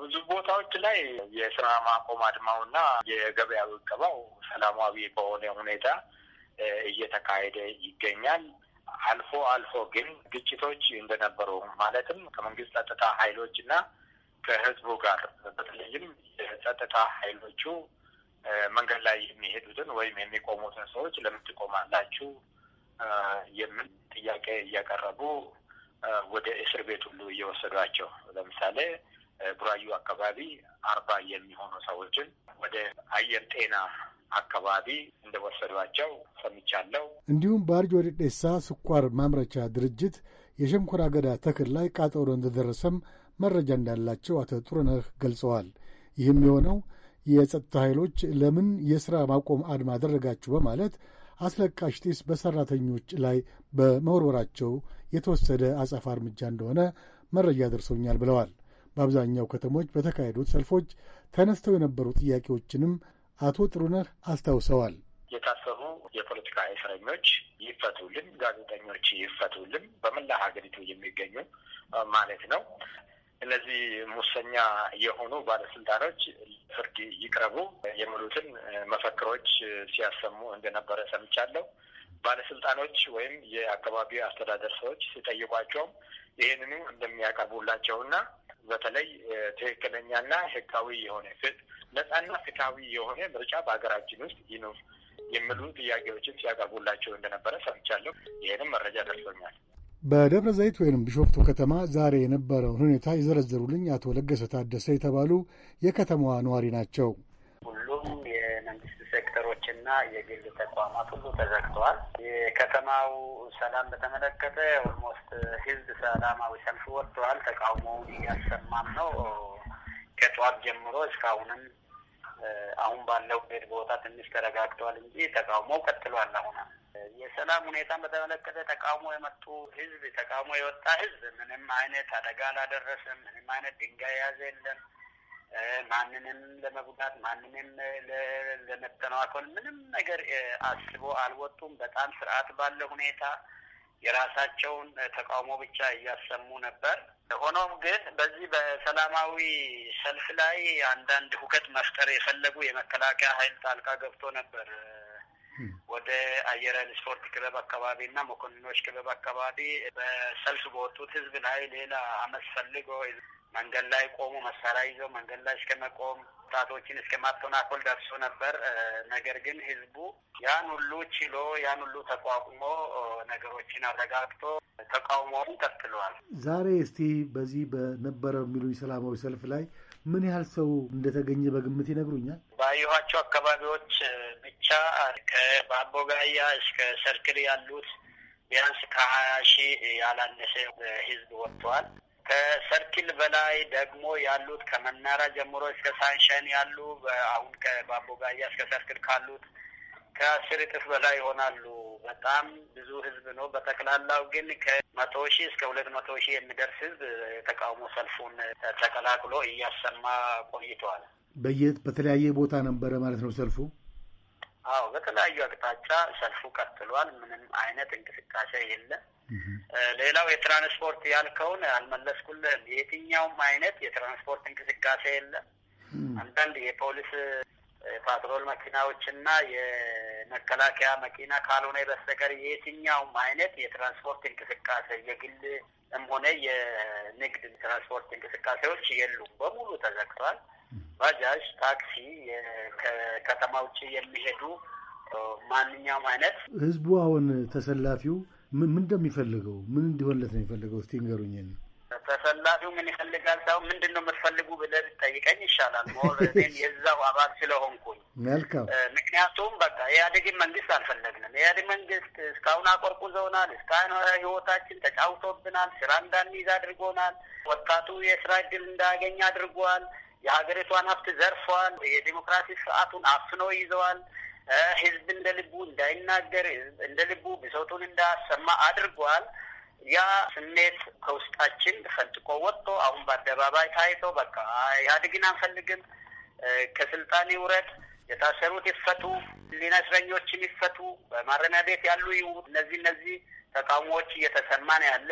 ብዙ ቦታዎች ላይ የስራ ማቆም አድማውና የገበያ ዕቀባው ሰላማዊ በሆነ ሁኔታ እየተካሄደ ይገኛል። አልፎ አልፎ ግን ግጭቶች እንደነበሩ ማለትም ከመንግስት ጸጥታ ኃይሎች እና ከህዝቡ ጋር በተለይም የጸጥታ ኃይሎቹ መንገድ ላይ የሚሄዱትን ወይም የሚቆሙትን ሰዎች ለምን ትቆማላችሁ የምን ጥያቄ እያቀረቡ ወደ እስር ቤት ሁሉ እየወሰዷቸው ለምሳሌ ቡራዩ አካባቢ አርባ የሚሆኑ ሰዎችን ወደ አየር ጤና አካባቢ እንደወሰዷቸው ሰምቻለሁ። እንዲሁም በአርጆ ዴዴሳ ስኳር ማምረቻ ድርጅት የሸንኮራ አገዳ ተክል ላይ ቃጠሎ እንደደረሰም መረጃ እንዳላቸው አቶ ጥሩነህ ገልጸዋል። ይህም የሆነው የጸጥታ ኃይሎች ለምን የሥራ ማቆም አድማ አደረጋችሁ በማለት አስለቃሽ ጢስ በሠራተኞች ላይ በመወርወራቸው የተወሰደ አጸፋ እርምጃ እንደሆነ መረጃ ደርሰውኛል ብለዋል። በአብዛኛው ከተሞች በተካሄዱት ሰልፎች ተነስተው የነበሩ ጥያቄዎችንም አቶ ጥሩነህ አስታውሰዋል። የታሰሩ የፖለቲካ እስረኞች ይፈቱልን፣ ጋዜጠኞች ይፈቱልን፣ በመላ ሀገሪቱ የሚገኙ ማለት ነው። እነዚህ ሙሰኛ የሆኑ ባለስልጣኖች ፍርድ ይቅረቡ የሚሉትን መፈክሮች ሲያሰሙ እንደነበረ ሰምቻለሁ። ባለስልጣኖች ወይም የአካባቢ አስተዳደር ሰዎች ሲጠይቋቸውም ይህንኑ እንደሚያቀርቡላቸውና በተለይ ትክክለኛና ህጋዊ የሆነ ነጻና ፍትሐዊ የሆነ ምርጫ በሀገራችን ውስጥ ይኑር የሚሉ ጥያቄዎችን ሲያቀርቡላቸው እንደነበረ ሰምቻለሁ። ይህንም መረጃ ደርሶኛል። በደብረ ዘይት ወይም ቢሾፍቱ ከተማ ዛሬ የነበረውን ሁኔታ የዘረዘሩልኝ አቶ ለገሰ ታደሰ የተባሉ የከተማዋ ነዋሪ ናቸው። ሁሉም የመንግስት ሴክተሮችና የግል ተቋማት ሁሉ ተዘግተዋል። የከተማው ሰላም በተመለከተ ኦልሞስት ህዝብ ሰላማዊ ሰልፍ ወጥተዋል። ተቃውሞውን እያሰማም ነው። ከጠዋት ጀምሮ እስካሁንም አሁን ባለው ሄድ ቦታ ትንሽ ተረጋግተዋል እንጂ ተቃውሞ ቀጥሏል። አሁን የሰላም ሁኔታን በተመለከተ ተቃውሞ የመጡ ህዝብ ተቃውሞ የወጣ ህዝብ ምንም አይነት አደጋ አላደረሰም። ምንም አይነት ድንጋይ የያዘ የለም። ማንንም ለመጉዳት ማንንም ለመተናኮል ምንም ነገር አስቦ አልወጡም። በጣም ስርዓት ባለ ሁኔታ የራሳቸውን ተቃውሞ ብቻ እያሰሙ ነበር። ሆኖም ግን በዚህ በሰላማዊ ሰልፍ ላይ አንዳንድ ሁከት መፍጠር የፈለጉ የመከላከያ ኃይል ጣልቃ ገብቶ ነበር። hmm. ወደ አየር ኃይል ስፖርት ክለብ አካባቢ እና መኮንኖች ክለብ አካባቢ በሰልፍ በወጡት ህዝብ ላይ ሌላ አመት ፈልጎ መንገድ ላይ ቆሙ። መሳሪያ ይዘው መንገድ ላይ እስከመቆም ወጣቶችን እስከ ማተናኮል ደርሶ ነበር። ነገር ግን ህዝቡ ያን ሁሉ ችሎ ያን ሁሉ ተቋቁሞ ነገሮችን አረጋግቶ ተቃውሞውን ቀጥለዋል። ዛሬ እስቲ በዚህ በነበረው የሚሉ ሰላማዊ ሰልፍ ላይ ምን ያህል ሰው እንደተገኘ በግምት ይነግሩኛል? ባየኋቸው አካባቢዎች ብቻ ከባቦ ጋያ እስከ ሰርክል ያሉት ቢያንስ ከሀያ ሺህ ያላነሰ ህዝብ ወጥተዋል። ከሰርክል በላይ ደግሞ ያሉት ከመናራ ጀምሮ እስከ ሳንሻይን ያሉ አሁን ከባቦጋያ እስከ ሰርክል ካሉት ከአስር እጥፍ በላይ ይሆናሉ። በጣም ብዙ ህዝብ ነው። በጠቅላላው ግን ከመቶ ሺህ እስከ ሁለት መቶ ሺህ የሚደርስ ህዝብ የተቃውሞ ሰልፉን ተቀላቅሎ እያሰማ ቆይተዋል። በየት በተለያየ ቦታ ነበረ ማለት ነው ሰልፉ አዎ በተለያዩ አቅጣጫ ሰልፉ ቀጥሏል። ምንም አይነት እንቅስቃሴ የለም። ሌላው የትራንስፖርት ያልከውን አልመለስኩልህም። የትኛውም አይነት የትራንስፖርት እንቅስቃሴ የለም። አንዳንድ የፖሊስ ፓትሮል መኪናዎችና የመከላከያ መኪና ካልሆነ በስተቀር የትኛውም አይነት የትራንስፖርት እንቅስቃሴ የግልም ሆነ የንግድ ትራንስፖርት እንቅስቃሴዎች የሉም። በሙሉ ተዘግቷል። ባጃጅ፣ ታክሲ፣ ከከተማ ውጭ የሚሄዱ ማንኛውም አይነት ህዝቡ አሁን ተሰላፊው ምን እንደሚፈልገው ምን እንዲሆንለት ነው የሚፈልገው? እስቲ ንገሩኝ። ተሰላፊው ምን ይፈልጋል ሰው ምንድን ነው የምትፈልጉ ብለህ ብትጠይቀኝ ይሻላል። ሞር የዛው አባል ስለሆንኩኝ መልካም። ምክንያቱም በቃ ኢህአዴግን መንግስት አልፈለግንም። ኢህአዴግ መንግስት እስካሁን ዘውናል። እስካሁን ህይወታችን ተጫውቶብናል። ስራ እንዳንይዝ አድርጎናል። ወጣቱ የስራ እድል እንዳያገኝ አድርጓል። የሀገሪቷን ሀብት ዘርፈዋል የዲሞክራሲ ስርዓቱን አፍኖ ይዘዋል። ህዝብ እንደ ልቡ እንዳይናገር፣ እንደ ልቡ ብሶቱን እንዳያሰማ አድርጓል። ያ ስሜት ከውስጣችን ፈንጥቆ ወጥቶ አሁን በአደባባይ ታይቶ በቃ ኢህአዴግን አንፈልግም፣ ከስልጣን ይውረድ፣ የታሰሩት ይፈቱ፣ ህሊና እስረኞችም ይፈቱ፣ በማረሚያ ቤት ያሉ ይውጡ፣ እነዚህ እነዚህ ተቃውሞዎች እየተሰማን ያለ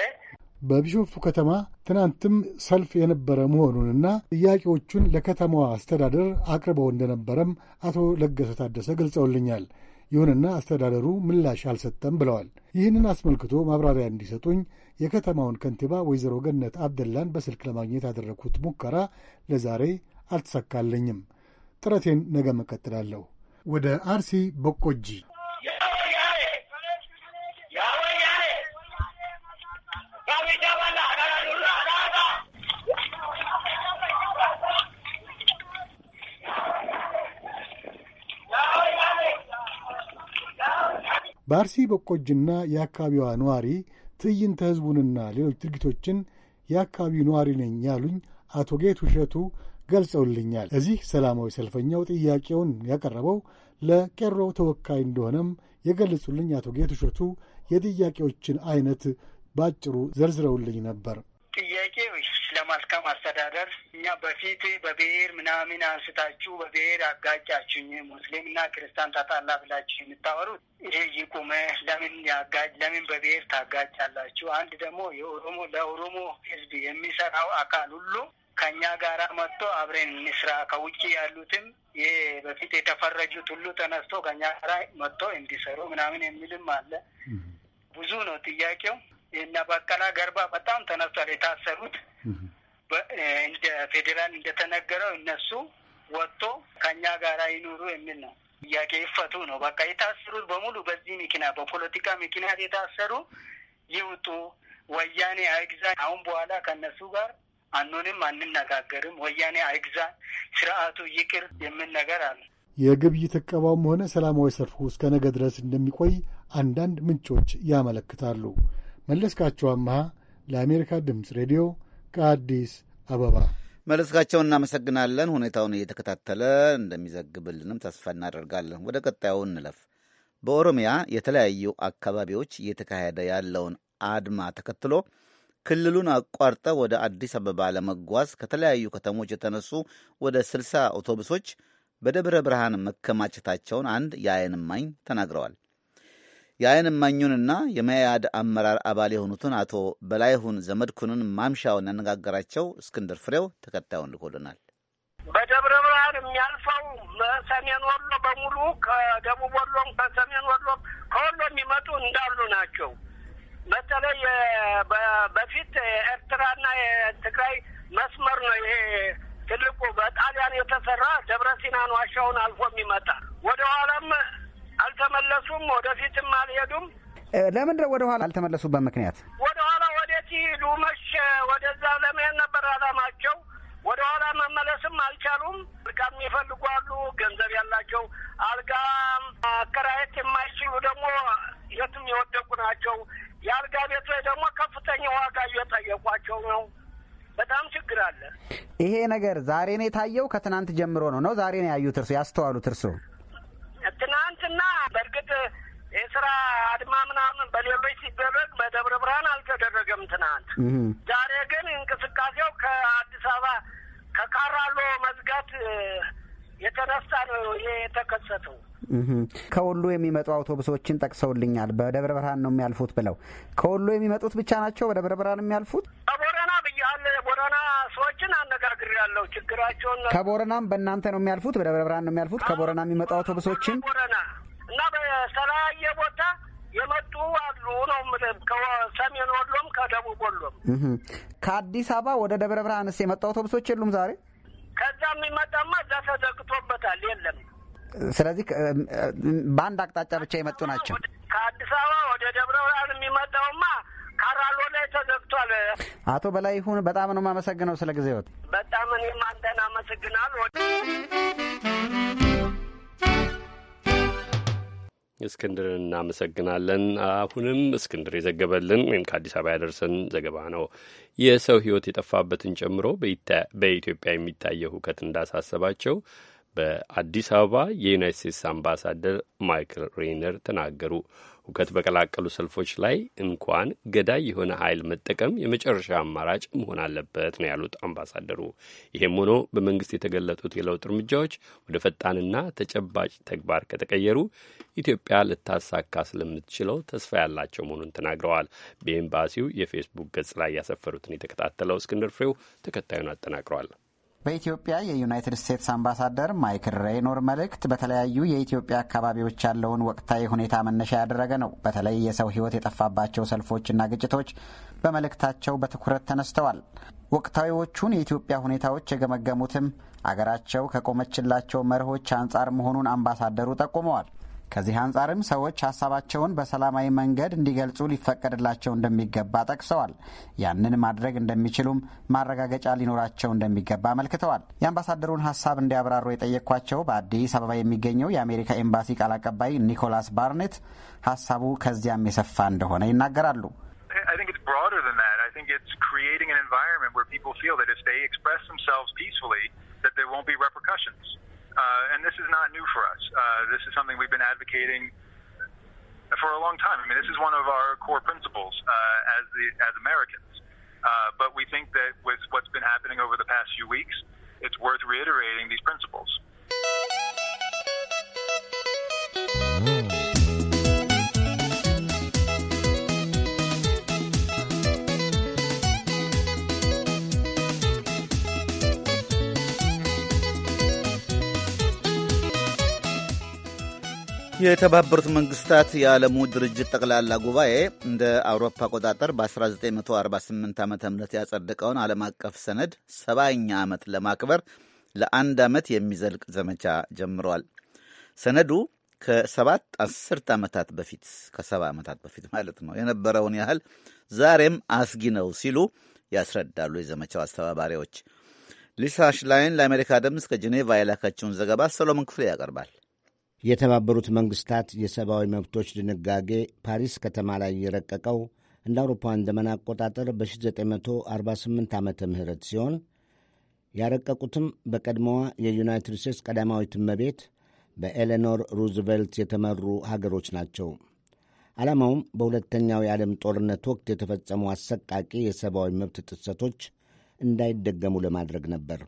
በቢሾፍቱ ከተማ ትናንትም ሰልፍ የነበረ መሆኑንና ጥያቄዎቹን ለከተማዋ አስተዳደር አቅርበው እንደነበረም አቶ ለገሰ ታደሰ ገልጸውልኛል። ይሁንና አስተዳደሩ ምላሽ አልሰጠም ብለዋል። ይህንን አስመልክቶ ማብራሪያ እንዲሰጡኝ የከተማውን ከንቲባ ወይዘሮ ገነት አብደላን በስልክ ለማግኘት ያደረግኩት ሙከራ ለዛሬ አልተሳካልኝም። ጥረቴን ነገ መቀጥላለሁ። ወደ አርሲ በቆጂ በአርሲ በቆጅና የአካባቢዋ ነዋሪ ትዕይንተ ሕዝቡንና ሌሎች ድርጊቶችን የአካባቢው ነዋሪ ነኝ ያሉኝ አቶ ጌት ውሸቱ ገልጸውልኛል። እዚህ ሰላማዊ ሰልፈኛው ጥያቄውን ያቀረበው ለቄሮ ተወካይ እንደሆነም የገለጹልኝ አቶ ጌት ውሸቱ የጥያቄዎችን አይነት ባጭሩ ዘርዝረውልኝ ነበር። ጥያቄ ስለ መልካም አስተዳደር እኛ በፊት በብሔር ምናምን አንስታችሁ በብሔር አጋጫችሁኝ፣ ሙስሊምና ክርስቲያን ታጣላ ብላችሁ የምታወሩት ይሄ ይቁመ። ለምን ያጋጭ? ለምን በብሔር ታጋጫላችሁ? አንድ ደግሞ የኦሮሞ ለኦሮሞ ህዝብ የሚሰራው አካል ሁሉ ከእኛ ጋር መጥቶ አብረን እንስራ። ከውጭ ያሉትም ይህ በፊት የተፈረጁት ሁሉ ተነስቶ ከእኛ ጋር መጥቶ እንዲሰሩ ምናምን የሚልም አለ። ብዙ ነው ጥያቄው። የእነ በቀላ ገርባ በጣም ተነስቷል የታሰሩት እንደ ፌዴራል እንደተነገረው እነሱ ወጥቶ ከኛ ጋር ይኑሩ የሚል ነው። ጥያቄ ይፈቱ ነው። በቃ የታሰሩት በሙሉ በዚህ መኪና በፖለቲካ ምክንያት የታሰሩ ይውጡ። ወያኔ አይግዛ። አሁን በኋላ ከነሱ ጋር አኑንም አንነጋገርም። ወያኔ አይግዛ ስርዓቱ ይቅር የሚል ነገር አለ። የግብይት እቀባውም ሆነ ሰላማዊ ሰልፉ እስከ ነገ ድረስ እንደሚቆይ አንዳንድ ምንጮች ያመለክታሉ። መለስካቸው አምሃ ለአሜሪካ ድምፅ ሬዲዮ ከአዲስ አበባ መለስካቸው እናመሰግናለን። ሁኔታውን እየተከታተለ እንደሚዘግብልንም ተስፋ እናደርጋለን። ወደ ቀጣዩ እንለፍ። በኦሮሚያ የተለያዩ አካባቢዎች እየተካሄደ ያለውን አድማ ተከትሎ ክልሉን አቋርጠ ወደ አዲስ አበባ ለመጓዝ ከተለያዩ ከተሞች የተነሱ ወደ ስልሳ አውቶቡሶች በደብረ ብርሃን መከማቸታቸውን አንድ የአይን እማኝ ተናግረዋል። የአይን እማኙንና የመያድ አመራር አባል የሆኑትን አቶ በላይሁን ዘመድኩንን ማምሻውን ያነጋገራቸው እስክንድር ፍሬው ተከታዩን ልኮልናል። በደብረ ብርሃን የሚያልፈው በሰሜን ወሎ በሙሉ ከደቡብ ወሎም ከሰሜን ወሎም ከወሎ የሚመጡ እንዳሉ ናቸው። በተለይ በፊት የኤርትራና የትግራይ መስመር ነው ይሄ ትልቁ በጣሊያን የተሰራ ደብረ ሲናን ዋሻውን አልፎ የሚመጣ ወደ ኋላም አልተመለሱም፣ ወደፊትም አልሄዱም። ወደ ወደኋላ አልተመለሱበት ምክንያት? ወደኋላ ወዴት ይሄዱ? መሸ። ወደዛ ለመሄድ ነበር አላማቸው። ወደኋላ መመለስም አልቻሉም። አልጋ የሚፈልጉ አሉ፣ ገንዘብ ያላቸው አልጋም አከራየት የማይችሉ ደግሞ የትም የወደቁ ናቸው። የአልጋ ላይ ደግሞ ከፍተኛ ዋጋ እየጠየቋቸው ነው። በጣም ችግር አለ። ይሄ ነገር ዛሬ ነው የታየው፣ ከትናንት ጀምሮ ነው ነው ዛሬ ነው ያዩት እርሶ ያስተዋሉት እርሶ? ትናንትና በእርግጥ የስራ አድማ ምናምን በሌሎች ሲደረግ በደብረ ብርሃን አልተደረገም ትናንት። ዛሬ ግን እንቅስቃሴው ከአዲስ አበባ ከካራሎ መዝጋት የተነሳ ነው ይሄ የተከሰተው። ከወሎ የሚመጡ አውቶቡሶችን ጠቅሰውልኛል። በደብረ ብርሃን ነው የሚያልፉት ብለው ከወሎ የሚመጡት ብቻ ናቸው በደብረ ብርሃን የሚያልፉት። ከቦረና ብያለ የቦረና ሰዎችን አነጋግሬያለሁ። ችግራቸውን ከቦረናም በእናንተ ነው የሚያልፉት፣ በደብረ ብርሃን ነው የሚያልፉት። ከቦረና የሚመጡ አውቶቡሶችን እና በተለያየ ቦታ የመጡ አሉ ነው ከሰሜን ወሎም ከደቡብ ወሎም። ከአዲስ አበባ ወደ ደብረ ብርሃንስ የመጡ አውቶቡሶች የሉም ዛሬ? ከዛ የሚመጣማ እዛ ተዘግቶበታል፣ የለም። ስለዚህ በአንድ አቅጣጫ ብቻ የመጡ ናቸው። ከአዲስ አበባ ወደ ደብረ ብርሃን የሚመጣውማ ካራሎ ላይ ተዘግቷል። አቶ በላይሁን በጣም ነው የማመሰግነው ስለ ጊዜዎት። በጣም እኔም አንተን አመሰግናለሁ። እስክንድርን እናመሰግናለን። አሁንም እስክንድር የዘገበልን ወይም ከአዲስ አበባ ያደርሰን ዘገባ ነው። የሰው ሕይወት የጠፋበትን ጨምሮ በኢትዮጵያ የሚታየው ሁከት እንዳሳሰባቸው በአዲስ አበባ የዩናይት ስቴትስ አምባሳደር ማይክል ሬይነር ተናገሩ። ሁከት በቀላቀሉ ሰልፎች ላይ እንኳን ገዳይ የሆነ ኃይል መጠቀም የመጨረሻ አማራጭ መሆን አለበት ነው ያሉት አምባሳደሩ። ይህም ሆኖ በመንግስት የተገለጡት የለውጥ እርምጃዎች ወደ ፈጣንና ተጨባጭ ተግባር ከተቀየሩ ኢትዮጵያ ልታሳካ ስለምትችለው ተስፋ ያላቸው መሆኑን ተናግረዋል። በኤምባሲው የፌስቡክ ገጽ ላይ ያሰፈሩትን የተከታተለው እስክንድር ፍሬው ተከታዩን አጠናቅሯል። በኢትዮጵያ የዩናይትድ ስቴትስ አምባሳደር ማይክል ሬይኖር መልእክት በተለያዩ የኢትዮጵያ አካባቢዎች ያለውን ወቅታዊ ሁኔታ መነሻ ያደረገ ነው። በተለይ የሰው ሕይወት የጠፋባቸው ሰልፎችና ግጭቶች በመልእክታቸው በትኩረት ተነስተዋል። ወቅታዊዎቹን የኢትዮጵያ ሁኔታዎች የገመገሙትም አገራቸው ከቆመችላቸው መርሆች አንጻር መሆኑን አምባሳደሩ ጠቁመዋል። ከዚህ አንጻርም ሰዎች ሀሳባቸውን በሰላማዊ መንገድ እንዲገልጹ ሊፈቀድላቸው እንደሚገባ ጠቅሰዋል። ያንን ማድረግ እንደሚችሉም ማረጋገጫ ሊኖራቸው እንደሚገባ አመልክተዋል። የአምባሳደሩን ሀሳብ እንዲያብራሩ የጠየቅኳቸው በአዲስ አበባ የሚገኘው የአሜሪካ ኤምባሲ ቃል አቀባይ ኒኮላስ ባርኔት ሀሳቡ ከዚያም የሰፋ እንደሆነ ይናገራሉ። that there won't be repercussions. Uh, and this is not new for us. Uh, this is something we've been advocating for a long time. I mean, this is one of our core principles uh, as the as Americans. Uh, but we think that with what's been happening over the past few weeks, it's worth reiterating these principles. Mm-hmm. የተባበሩት መንግስታት የዓለሙ ድርጅት ጠቅላላ ጉባኤ እንደ አውሮፓ አቆጣጠር በ1948 ዓ ም ያጸደቀውን ዓለም አቀፍ ሰነድ ሰባኛ ዓመት ለማክበር ለአንድ ዓመት የሚዘልቅ ዘመቻ ጀምሯል። ሰነዱ ከሰባት አስርት ዓመታት በፊት ከሰባ ዓመታት በፊት ማለት ነው የነበረውን ያህል ዛሬም አስጊ ነው ሲሉ ያስረዳሉ የዘመቻው አስተባባሪዎች። ሊሳ ሽላይን ለአሜሪካ ድምፅ ከጄኔቫ የላካችውን ዘገባ ሰሎሞን ክፍሌ ያቀርባል። የተባበሩት መንግስታት የሰብአዊ መብቶች ድንጋጌ ፓሪስ ከተማ ላይ የረቀቀው እንደ አውሮፓውያን ዘመን አቆጣጠር በ1948 ዓመተ ምህረት ሲሆን ያረቀቁትም በቀድሞዋ የዩናይትድ ስቴትስ ቀዳማዊት እመቤት በኤሌኖር ሩዝቬልት የተመሩ ሀገሮች ናቸው። ዓላማውም በሁለተኛው የዓለም ጦርነት ወቅት የተፈጸሙ አሰቃቂ የሰብአዊ መብት ጥሰቶች እንዳይደገሙ ለማድረግ ነበር።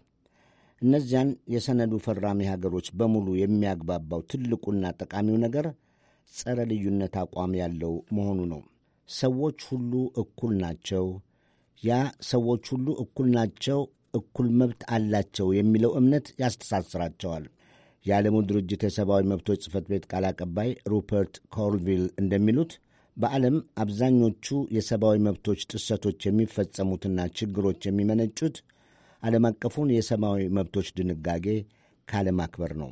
እነዚያን የሰነዱ ፈራሚ ሀገሮች በሙሉ የሚያግባባው ትልቁና ጠቃሚው ነገር ጸረ ልዩነት አቋም ያለው መሆኑ ነው። ሰዎች ሁሉ እኩል ናቸው። ያ ሰዎች ሁሉ እኩል ናቸው፣ እኩል መብት አላቸው የሚለው እምነት ያስተሳስራቸዋል። የዓለሙ ድርጅት የሰብአዊ መብቶች ጽፈት ቤት ቃል አቀባይ ሩፐርት ኮርቪል እንደሚሉት በዓለም አብዛኞቹ የሰብአዊ መብቶች ጥሰቶች የሚፈጸሙትና ችግሮች የሚመነጩት ዓለም አቀፉን የሰብአዊ መብቶች ድንጋጌ ካለማክበር ነው።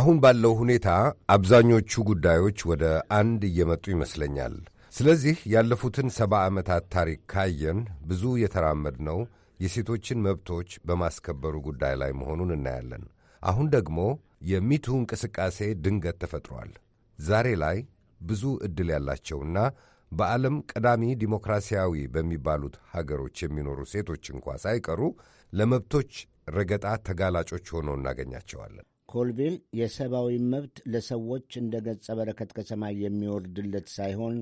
አሁን ባለው ሁኔታ አብዛኞቹ ጉዳዮች ወደ አንድ እየመጡ ይመስለኛል። ስለዚህ ያለፉትን ሰባ ዓመታት ታሪክ ካየን ብዙ የተራመድነው የሴቶችን መብቶች በማስከበሩ ጉዳይ ላይ መሆኑን እናያለን። አሁን ደግሞ የሚቱ እንቅስቃሴ ድንገት ተፈጥሯል። ዛሬ ላይ ብዙ ዕድል ያላቸውና በዓለም ቀዳሚ ዲሞክራሲያዊ በሚባሉት ሀገሮች የሚኖሩ ሴቶች እንኳ ሳይቀሩ ለመብቶች ረገጣ ተጋላጮች ሆነው እናገኛቸዋለን። ኮልቪል የሰብአዊ መብት ለሰዎች እንደ ገጸ በረከት ከሰማይ የሚወርድለት ሳይሆን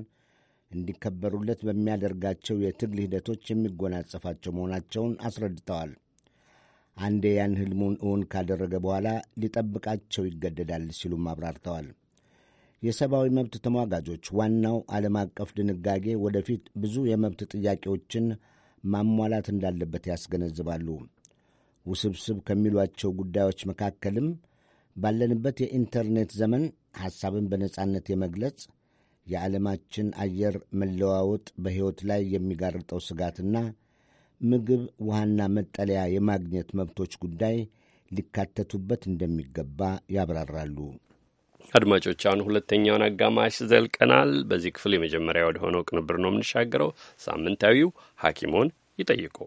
እንዲከበሩለት በሚያደርጋቸው የትግል ሂደቶች የሚጎናጸፋቸው መሆናቸውን አስረድተዋል። አንዴ ያን ህልሙን እውን ካደረገ በኋላ ሊጠብቃቸው ይገደዳል ሲሉም አብራርተዋል። የሰብአዊ መብት ተሟጋጆች ዋናው ዓለም አቀፍ ድንጋጌ ወደፊት ብዙ የመብት ጥያቄዎችን ማሟላት እንዳለበት ያስገነዝባሉ። ውስብስብ ከሚሏቸው ጉዳዮች መካከልም ባለንበት የኢንተርኔት ዘመን ሐሳብን በነጻነት የመግለጽ፣ የዓለማችን አየር መለዋወጥ በሕይወት ላይ የሚጋርጠው ስጋትና ምግብ፣ ውሃና መጠለያ የማግኘት መብቶች ጉዳይ ሊካተቱበት እንደሚገባ ያብራራሉ። አድማጮች አሁን ሁለተኛውን አጋማሽ ዘልቀናል። በዚህ ክፍል የመጀመሪያ ወደ ሆነው ቅንብር ነው የምንሻገረው። ሳምንታዊው ሐኪሞን ይጠይቁ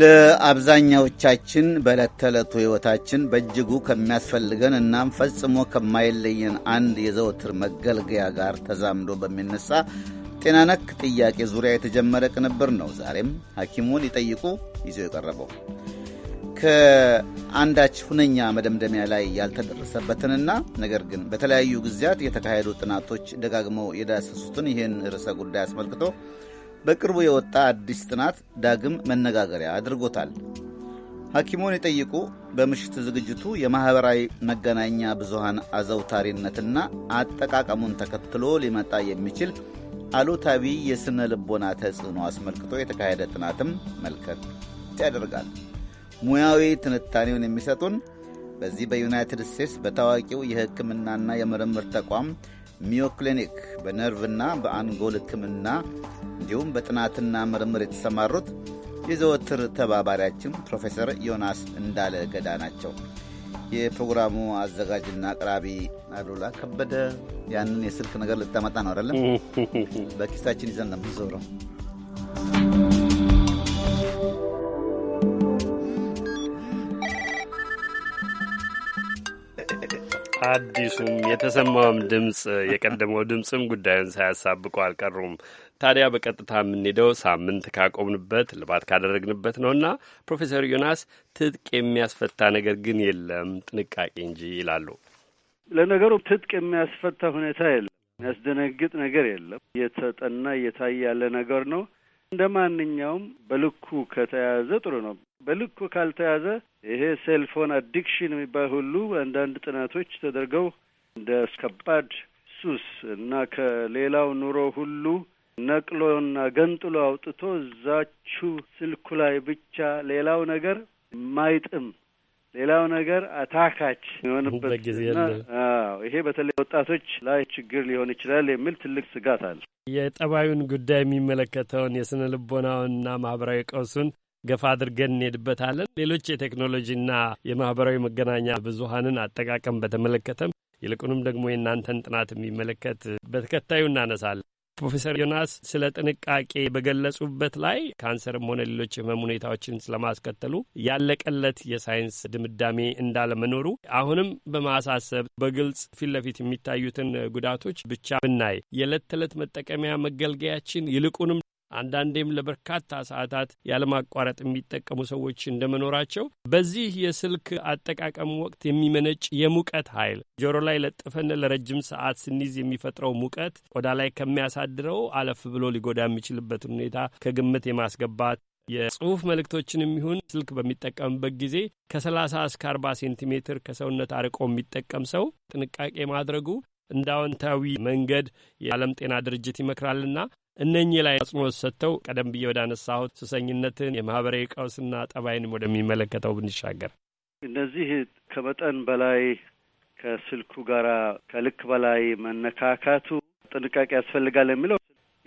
ለአብዛኛዎቻችን በዕለት ተዕለቱ ሕይወታችን በእጅጉ ከሚያስፈልገን እናም ፈጽሞ ከማይለየን አንድ የዘወትር መገልገያ ጋር ተዛምዶ በሚነሳ ጤና ነክ ጥያቄ ዙሪያ የተጀመረ ቅንብር ነው። ዛሬም ሐኪሙን ይጠይቁ ይዞ የቀረበው ከአንዳች ሁነኛ መደምደሚያ ላይ ያልተደረሰበትንና ነገር ግን በተለያዩ ጊዜያት የተካሄዱ ጥናቶች ደጋግመው የዳሰሱትን ይህን ርዕሰ ጉዳይ አስመልክቶ በቅርቡ የወጣ አዲስ ጥናት ዳግም መነጋገሪያ አድርጎታል። ሐኪሙን ይጠይቁ በምሽት ዝግጅቱ የማኅበራዊ መገናኛ ብዙሃን አዘውታሪነትና አጠቃቀሙን ተከትሎ ሊመጣ የሚችል አሉታዊ የሥነ ልቦና ተጽዕኖ አስመልክቶ የተካሄደ ጥናትም መልከት ያደርጋል። ሙያዊ ትንታኔውን የሚሰጡን በዚህ በዩናይትድ ስቴትስ በታዋቂው የሕክምናና የምርምር ተቋም ክሊኒክ በነርቭና በአንጎል ሕክምና እንዲሁም በጥናትና ምርምር የተሰማሩት የዘወትር ተባባሪያችን ፕሮፌሰር ዮናስ እንዳለ ገዳ ናቸው። የፕሮግራሙ አዘጋጅና አቅራቢ አሉላ ከበደ። ያንን የስልክ ነገር ልታመጣ ነው አይደለም? በኪሳችን ይዘን ነው የምንዞረው። አዲሱም የተሰማውም ድምፅ የቀደመው ድምፅም ጉዳዩን ሳያሳብቁ አልቀሩም። ታዲያ በቀጥታ የምንሄደው ሳምንት ካቆምንበት ልባት ካደረግንበት ነውና ፕሮፌሰር ዮናስ ትጥቅ የሚያስፈታ ነገር ግን የለም ጥንቃቄ እንጂ ይላሉ። ለነገሩ ትጥቅ የሚያስፈታ ሁኔታ የለም፣ የሚያስደነግጥ ነገር የለም። እየተጠና እየታየ ያለ ነገር ነው። እንደ ማንኛውም በልኩ ከተያዘ ጥሩ ነው። በልኩ ካልተያዘ ይሄ ሴልፎን አዲክሽን የሚባል ሁሉ አንዳንድ ጥናቶች ተደርገው እንደ ከባድ ሱስ እና ከሌላው ኑሮ ሁሉ ነቅሎና ገንጥሎ አውጥቶ እዛችሁ ስልኩ ላይ ብቻ ሌላው ነገር ማይጥም ሌላው ነገር አታካች የሆነበት ጊዜ ይሄ በተለይ ወጣቶች ላይ ችግር ሊሆን ይችላል የሚል ትልቅ ስጋት አለ። የጠባዩን ጉዳይ የሚመለከተውን የስነ ልቦናውንና ማህበራዊ ቀውሱን ገፋ አድርገን እንሄድበታለን። ሌሎች የቴክኖሎጂና የማህበራዊ መገናኛ ብዙሀንን አጠቃቀም በተመለከተም ይልቁንም ደግሞ የእናንተን ጥናት የሚመለከት በተከታዩ እናነሳለን። ፕሮፌሰር ዮናስ ስለ ጥንቃቄ በገለጹበት ላይ ካንሰርም ሆነ ሌሎች ህመም ሁኔታዎችን ስለማስከተሉ ያለቀለት የሳይንስ ድምዳሜ እንዳለመኖሩ አሁንም በማሳሰብ በግልጽ ፊት ለፊት የሚታዩትን ጉዳቶች ብቻ ብናይ የዕለት ተዕለት መጠቀሚያ መገልገያችን ይልቁንም አንዳንዴም ለበርካታ ሰዓታት ያለማቋረጥ የሚጠቀሙ ሰዎች እንደመኖራቸው በዚህ የስልክ አጠቃቀም ወቅት የሚመነጭ የሙቀት ኃይል ጆሮ ላይ ለጥፈን ለረጅም ሰዓት ስንይዝ የሚፈጥረው ሙቀት ቆዳ ላይ ከሚያሳድረው አለፍ ብሎ ሊጎዳ የሚችልበትን ሁኔታ ከግምት የማስገባት የጽሁፍ መልእክቶችን የሚሆን ስልክ በሚጠቀምበት ጊዜ ከ30 እስከ 40 ሴንቲሜትር ከሰውነት አርቆ የሚጠቀም ሰው ጥንቃቄ ማድረጉ እንደ አዎንታዊ መንገድ የዓለም ጤና ድርጅት ይመክራልና እነኚህ ላይ አጽንኦት ሰጥተው ቀደም ብዬ አነሳሁት ሱሰኝነትን፣ የማህበራዊ ቀውስና ጠባይንም ወደሚመለከተው ብንሻገር እነዚህ ከመጠን በላይ ከስልኩ ጋር ከልክ በላይ መነካካቱ ጥንቃቄ ያስፈልጋል የሚለው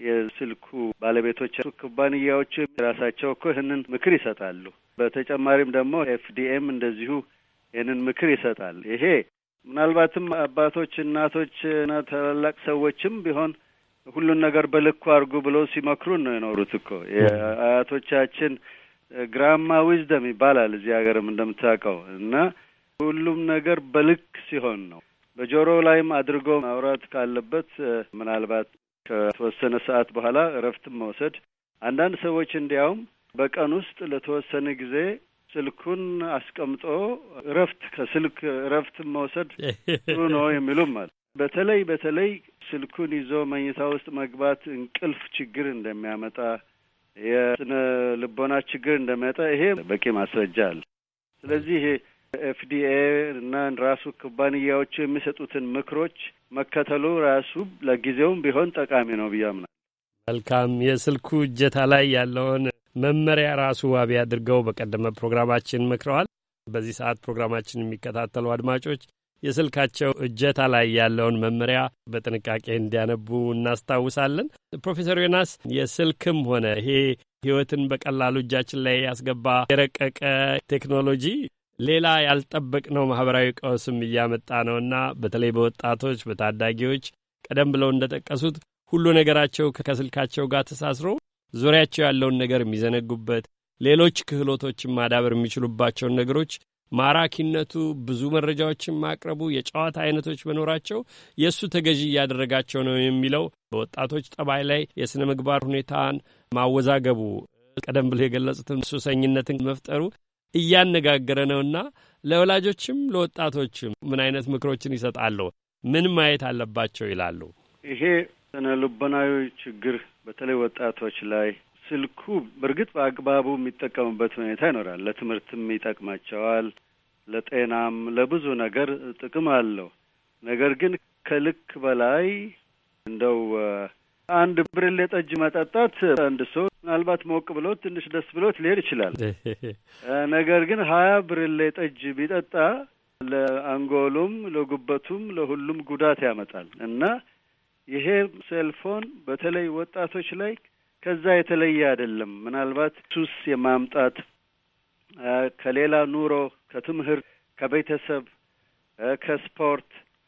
የስልኩ ባለቤቶች ኩባንያዎቹ የራሳቸው እኮ ይህንን ምክር ይሰጣሉ። በተጨማሪም ደግሞ ኤፍዲኤም እንደዚሁ ይህንን ምክር ይሰጣል። ይሄ ምናልባትም አባቶች፣ እናቶች እና ታላላቅ ሰዎችም ቢሆን ሁሉን ነገር በልኩ አድርጉ ብሎ ሲመክሩን ነው የኖሩት እኮ የአያቶቻችን ግራማ ዊዝደም ይባላል እዚህ ሀገርም እንደምታውቀው እና ሁሉም ነገር በልክ ሲሆን ነው በጆሮ ላይም አድርጎ ማውራት ካለበት ምናልባት ከተወሰነ ሰዓት በኋላ እረፍትም መውሰድ አንዳንድ ሰዎች እንዲያውም በቀን ውስጥ ለተወሰነ ጊዜ ስልኩን አስቀምጦ እረፍት ከስልክ እረፍት መውሰድ ጥሩ ነው የሚሉም አለ። በተለይ በተለይ ስልኩን ይዞ መኝታ ውስጥ መግባት እንቅልፍ ችግር እንደሚያመጣ፣ የስነ ልቦና ችግር እንደሚያመጣ ይሄ በቂ ማስረጃ አለ። ስለዚህ ኤፍዲኤ እና ራሱ ኩባንያዎቹ የሚሰጡትን ምክሮች መከተሉ ራሱ ለጊዜውም ቢሆን ጠቃሚ ነው ብዬ አምናለሁ። መልካም የስልኩ እጀታ ላይ ያለውን መመሪያ ራሱ ዋቢ አድርገው በቀደመ ፕሮግራማችን መክረዋል። በዚህ ሰዓት ፕሮግራማችን የሚከታተሉ አድማጮች የስልካቸው እጀታ ላይ ያለውን መመሪያ በጥንቃቄ እንዲያነቡ እናስታውሳለን። ፕሮፌሰር ዮናስ የስልክም ሆነ ይሄ ሕይወትን በቀላሉ እጃችን ላይ ያስገባ የረቀቀ ቴክኖሎጂ ሌላ ያልጠበቅነው ማህበራዊ ቀውስም እያመጣ ነው ና በተለይ በወጣቶች በታዳጊዎች ቀደም ብለው እንደጠቀሱት ሁሉ ነገራቸው ከስልካቸው ጋር ተሳስሮ ዙሪያቸው ያለውን ነገር የሚዘነጉበት ሌሎች ክህሎቶችን ማዳበር የሚችሉባቸውን ነገሮች ማራኪነቱ፣ ብዙ መረጃዎችን ማቅረቡ፣ የጨዋታ አይነቶች መኖራቸው የእሱ ተገዢ እያደረጋቸው ነው የሚለው በወጣቶች ጠባይ ላይ የሥነ ምግባር ሁኔታን ማወዛገቡ፣ ቀደም ብሎ የገለጹትን ሱሰኝነትን መፍጠሩ እያነጋገረ ነውና ለወላጆችም ለወጣቶችም ምን አይነት ምክሮችን ይሰጣሉ? ምን ማየት አለባቸው ይላሉ? ይሄ ስነ ልቦናዊ ችግር በተለይ ወጣቶች ላይ ስልኩ በእርግጥ በአግባቡ የሚጠቀሙበት ሁኔታ ይኖራል። ለትምህርትም ይጠቅማቸዋል፣ ለጤናም፣ ለብዙ ነገር ጥቅም አለው። ነገር ግን ከልክ በላይ እንደው አንድ ብርሌ ጠጅ መጠጣት አንድ ሰው ምናልባት ሞቅ ብሎት ትንሽ ደስ ብሎት ሊሄድ ይችላል። ነገር ግን ሀያ ብርሌ ጠጅ ቢጠጣ ለአንጎሉም ለጉበቱም ለሁሉም ጉዳት ያመጣል እና ይሄ ሴልፎን በተለይ ወጣቶች ላይ ከዛ የተለየ አይደለም። ምናልባት ሱስ የማምጣት ከሌላ ኑሮ፣ ከትምህርት፣ ከቤተሰብ፣ ከስፖርት፣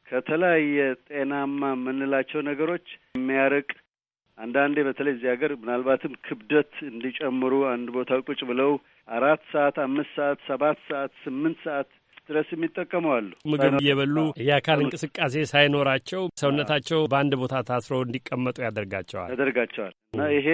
ከተለያየ ጤናማ የምንላቸው ነገሮች የሚያርቅ አንዳንዴ በተለይ እዚህ ሀገር ምናልባትም ክብደት እንዲጨምሩ አንድ ቦታ ቁጭ ብለው አራት ሰዓት፣ አምስት ሰዓት፣ ሰባት ሰዓት፣ ስምንት ሰዓት ድረስ የሚጠቀመዋሉ ምግብ እየበሉ የአካል እንቅስቃሴ ሳይኖራቸው ሰውነታቸው በአንድ ቦታ ታስሮ እንዲቀመጡ ያደርጋቸዋል ያደርጋቸዋል እና ይሄ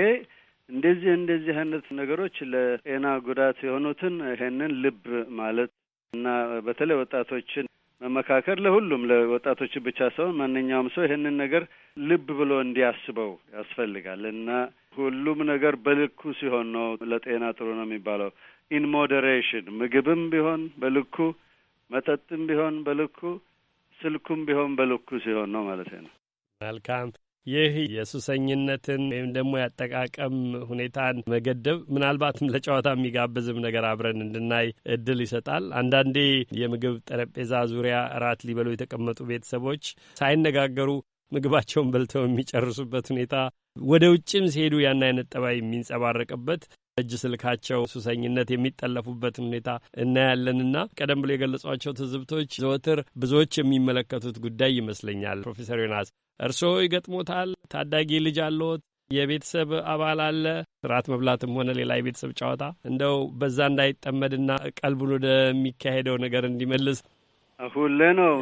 እንደዚህ እንደዚህ አይነት ነገሮች ለጤና ጉዳት የሆኑትን ይሄንን ልብ ማለት እና በተለይ ወጣቶችን መመካከር ለሁሉም ለወጣቶች ብቻ ሳይሆን ማንኛውም ሰው ይህንን ነገር ልብ ብሎ እንዲያስበው ያስፈልጋል እና ሁሉም ነገር በልኩ ሲሆን ነው ለጤና ጥሩ ነው የሚባለው። ኢን ሞዴሬሽን ምግብም ቢሆን በልኩ መጠጥም ቢሆን በልኩ ስልኩም ቢሆን በልኩ ሲሆን ነው ማለት ነው። መልካም። ይህ የሱሰኝነትን ወይም ደግሞ ያጠቃቀም ሁኔታን መገደብ ምናልባትም ለጨዋታ የሚጋብዝም ነገር አብረን እንድናይ እድል ይሰጣል። አንዳንዴ የምግብ ጠረጴዛ ዙሪያ እራት ሊበሉ የተቀመጡ ቤተሰቦች ሳይነጋገሩ ምግባቸውን በልተው የሚጨርሱበት ሁኔታ ወደ ውጭም ሲሄዱ ያን አይነት ጠባይ የሚንጸባረቅበት እጅ ስልካቸው ሱሰኝነት የሚጠለፉበትን ሁኔታ እናያለንና ቀደም ብሎ የገለጿቸው ትዝብቶች ዘወትር ብዙዎች የሚመለከቱት ጉዳይ ይመስለኛል። ፕሮፌሰር ዮናስ እርስዎ ይገጥሞታል? ታዳጊ ልጅ አለዎት? የቤተሰብ አባል አለ። ስርዓት መብላትም ሆነ ሌላ የቤተሰብ ጨዋታ እንደው በዛ እንዳይጠመድና ቀልቡን ወደሚካሄደው ነገር እንዲመልስ ሁሌ ነው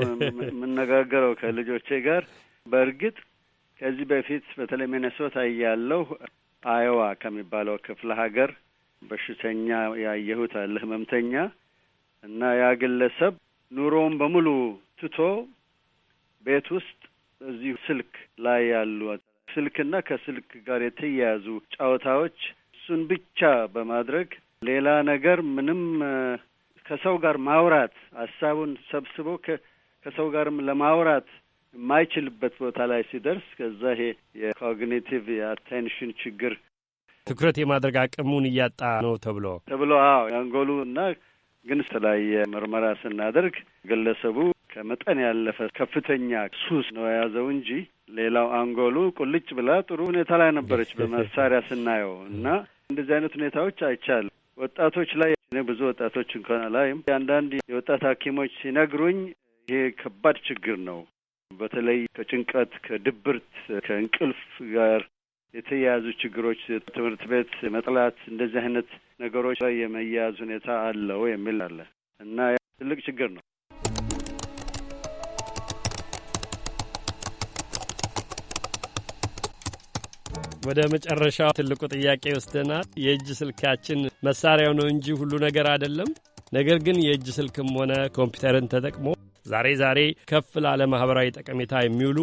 የምነጋገረው ከልጆቼ ጋር። በእርግጥ ከዚህ በፊት በተለይ ሚነሶታ እያለሁ አዮዋ ከሚባለው ክፍለ ሀገር በሽተኛ ያየሁት አለ ህመምተኛ እና ያ ግለሰብ ኑሮውን በሙሉ ትቶ ቤት ውስጥ እዚሁ ስልክ ላይ ያሉ ስልክና ከስልክ ጋር የተያያዙ ጨዋታዎች እሱን ብቻ በማድረግ ሌላ ነገር ምንም ከሰው ጋር ማውራት ሀሳቡን ሰብስቦ ከሰው ጋርም ለማውራት የማይችልበት ቦታ ላይ ሲደርስ ከዛ ይሄ የኮግኒቲቭ የአቴንሽን ችግር ትኩረት የማድረግ አቅሙን እያጣ ነው ተብሎ ተብሎ አዎ የአንጎሉ እና ግን የተለያየ ምርመራ ስናደርግ ግለሰቡ ከመጠን ያለፈ ከፍተኛ ሱስ ነው የያዘው እንጂ ሌላው አንጎሉ ቁልጭ ብላ ጥሩ ሁኔታ ላይ ነበረች በመሳሪያ ስናየው እና እንደዚህ አይነት ሁኔታዎች አይቻሉ። ወጣቶች ላይ እኔ ብዙ ወጣቶች እንኳን ላይም አንዳንድ የወጣት ሐኪሞች ሲነግሩኝ ይሄ ከባድ ችግር ነው በተለይ ከጭንቀት ከድብርት፣ ከእንቅልፍ ጋር የተያያዙ ችግሮች፣ ትምህርት ቤት መጥላት፣ እንደዚህ አይነት ነገሮች ላይ የመያያዝ ሁኔታ አለው የሚል አለ እና ትልቅ ችግር ነው። ወደ መጨረሻው ትልቁ ጥያቄ ወስደናል። የእጅ ስልካችን መሳሪያው ነው እንጂ ሁሉ ነገር አይደለም። ነገር ግን የእጅ ስልክም ሆነ ኮምፒውተርን ተጠቅሞ ዛሬ ዛሬ ከፍ ላለ ማኅበራዊ ጠቀሜታ የሚውሉ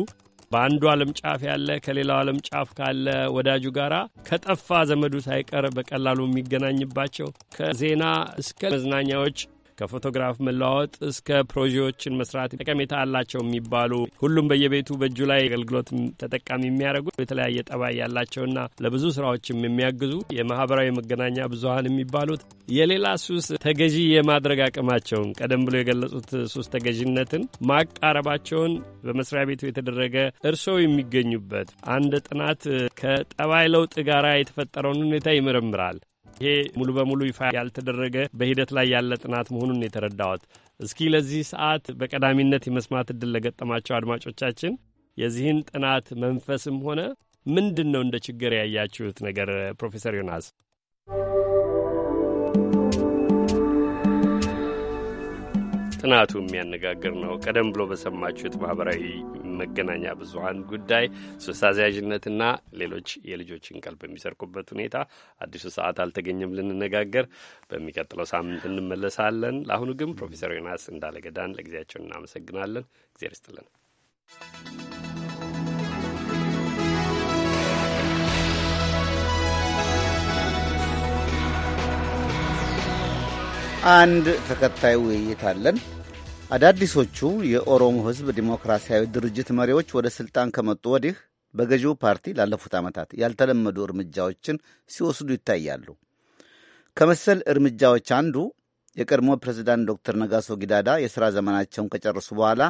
በአንዱ ዓለም ጫፍ ያለ ከሌላው ዓለም ጫፍ ካለ ወዳጁ ጋር ከጠፋ ዘመዱ ሳይቀር በቀላሉ የሚገናኝባቸው ከዜና እስከ መዝናኛዎች ከፎቶግራፍ መለዋወጥ እስከ ፕሮጀዎችን መስራት ጠቀሜታ አላቸው የሚባሉ ሁሉም በየቤቱ በእጁ ላይ አገልግሎት ተጠቃሚ የሚያደርጉ የተለያየ ጠባይ ያላቸውና ለብዙ ስራዎችም የሚያግዙ የማህበራዊ መገናኛ ብዙሀን የሚባሉት የሌላ ሱስ ተገዢ የማድረግ አቅማቸውን ቀደም ብሎ የገለጹት ሱስ ተገዥነትን ማቃረባቸውን በመስሪያ ቤቱ የተደረገ እርስዎ የሚገኙበት አንድ ጥናት ከጠባይ ለውጥ ጋር የተፈጠረውን ሁኔታ ይመረምራል። ይሄ ሙሉ በሙሉ ይፋ ያልተደረገ በሂደት ላይ ያለ ጥናት መሆኑን የተረዳሁት። እስኪ ለዚህ ሰዓት በቀዳሚነት የመስማት እድል ለገጠማቸው አድማጮቻችን የዚህን ጥናት መንፈስም ሆነ ምንድን ነው እንደ ችግር ያያችሁት ነገር ፕሮፌሰር ዮናስ? ጥናቱ የሚያነጋግር ነው። ቀደም ብሎ በሰማችሁት ማህበራዊ መገናኛ ብዙሀን ጉዳይ ሱስ አስያዥነትና ሌሎች የልጆችን ቀልብ በሚሰርቁበት ሁኔታ አዲሱ ሰዓት አልተገኘም። ልንነጋገር በሚቀጥለው ሳምንት እንመለሳለን። ለአሁኑ ግን ፕሮፌሰር ዮናስ እንዳለገዳን ለጊዜያቸውን እናመሰግናለን። እግዜር ይስጥልን። አንድ ተከታይ ውይይት አለን። አዳዲሶቹ የኦሮሞ ሕዝብ ዲሞክራሲያዊ ድርጅት መሪዎች ወደ ስልጣን ከመጡ ወዲህ በገዢው ፓርቲ ላለፉት ዓመታት ያልተለመዱ እርምጃዎችን ሲወስዱ ይታያሉ። ከመሰል እርምጃዎች አንዱ የቀድሞ ፕሬዚዳንት ዶክተር ነጋሶ ጊዳዳ የሥራ ዘመናቸውን ከጨረሱ በኋላ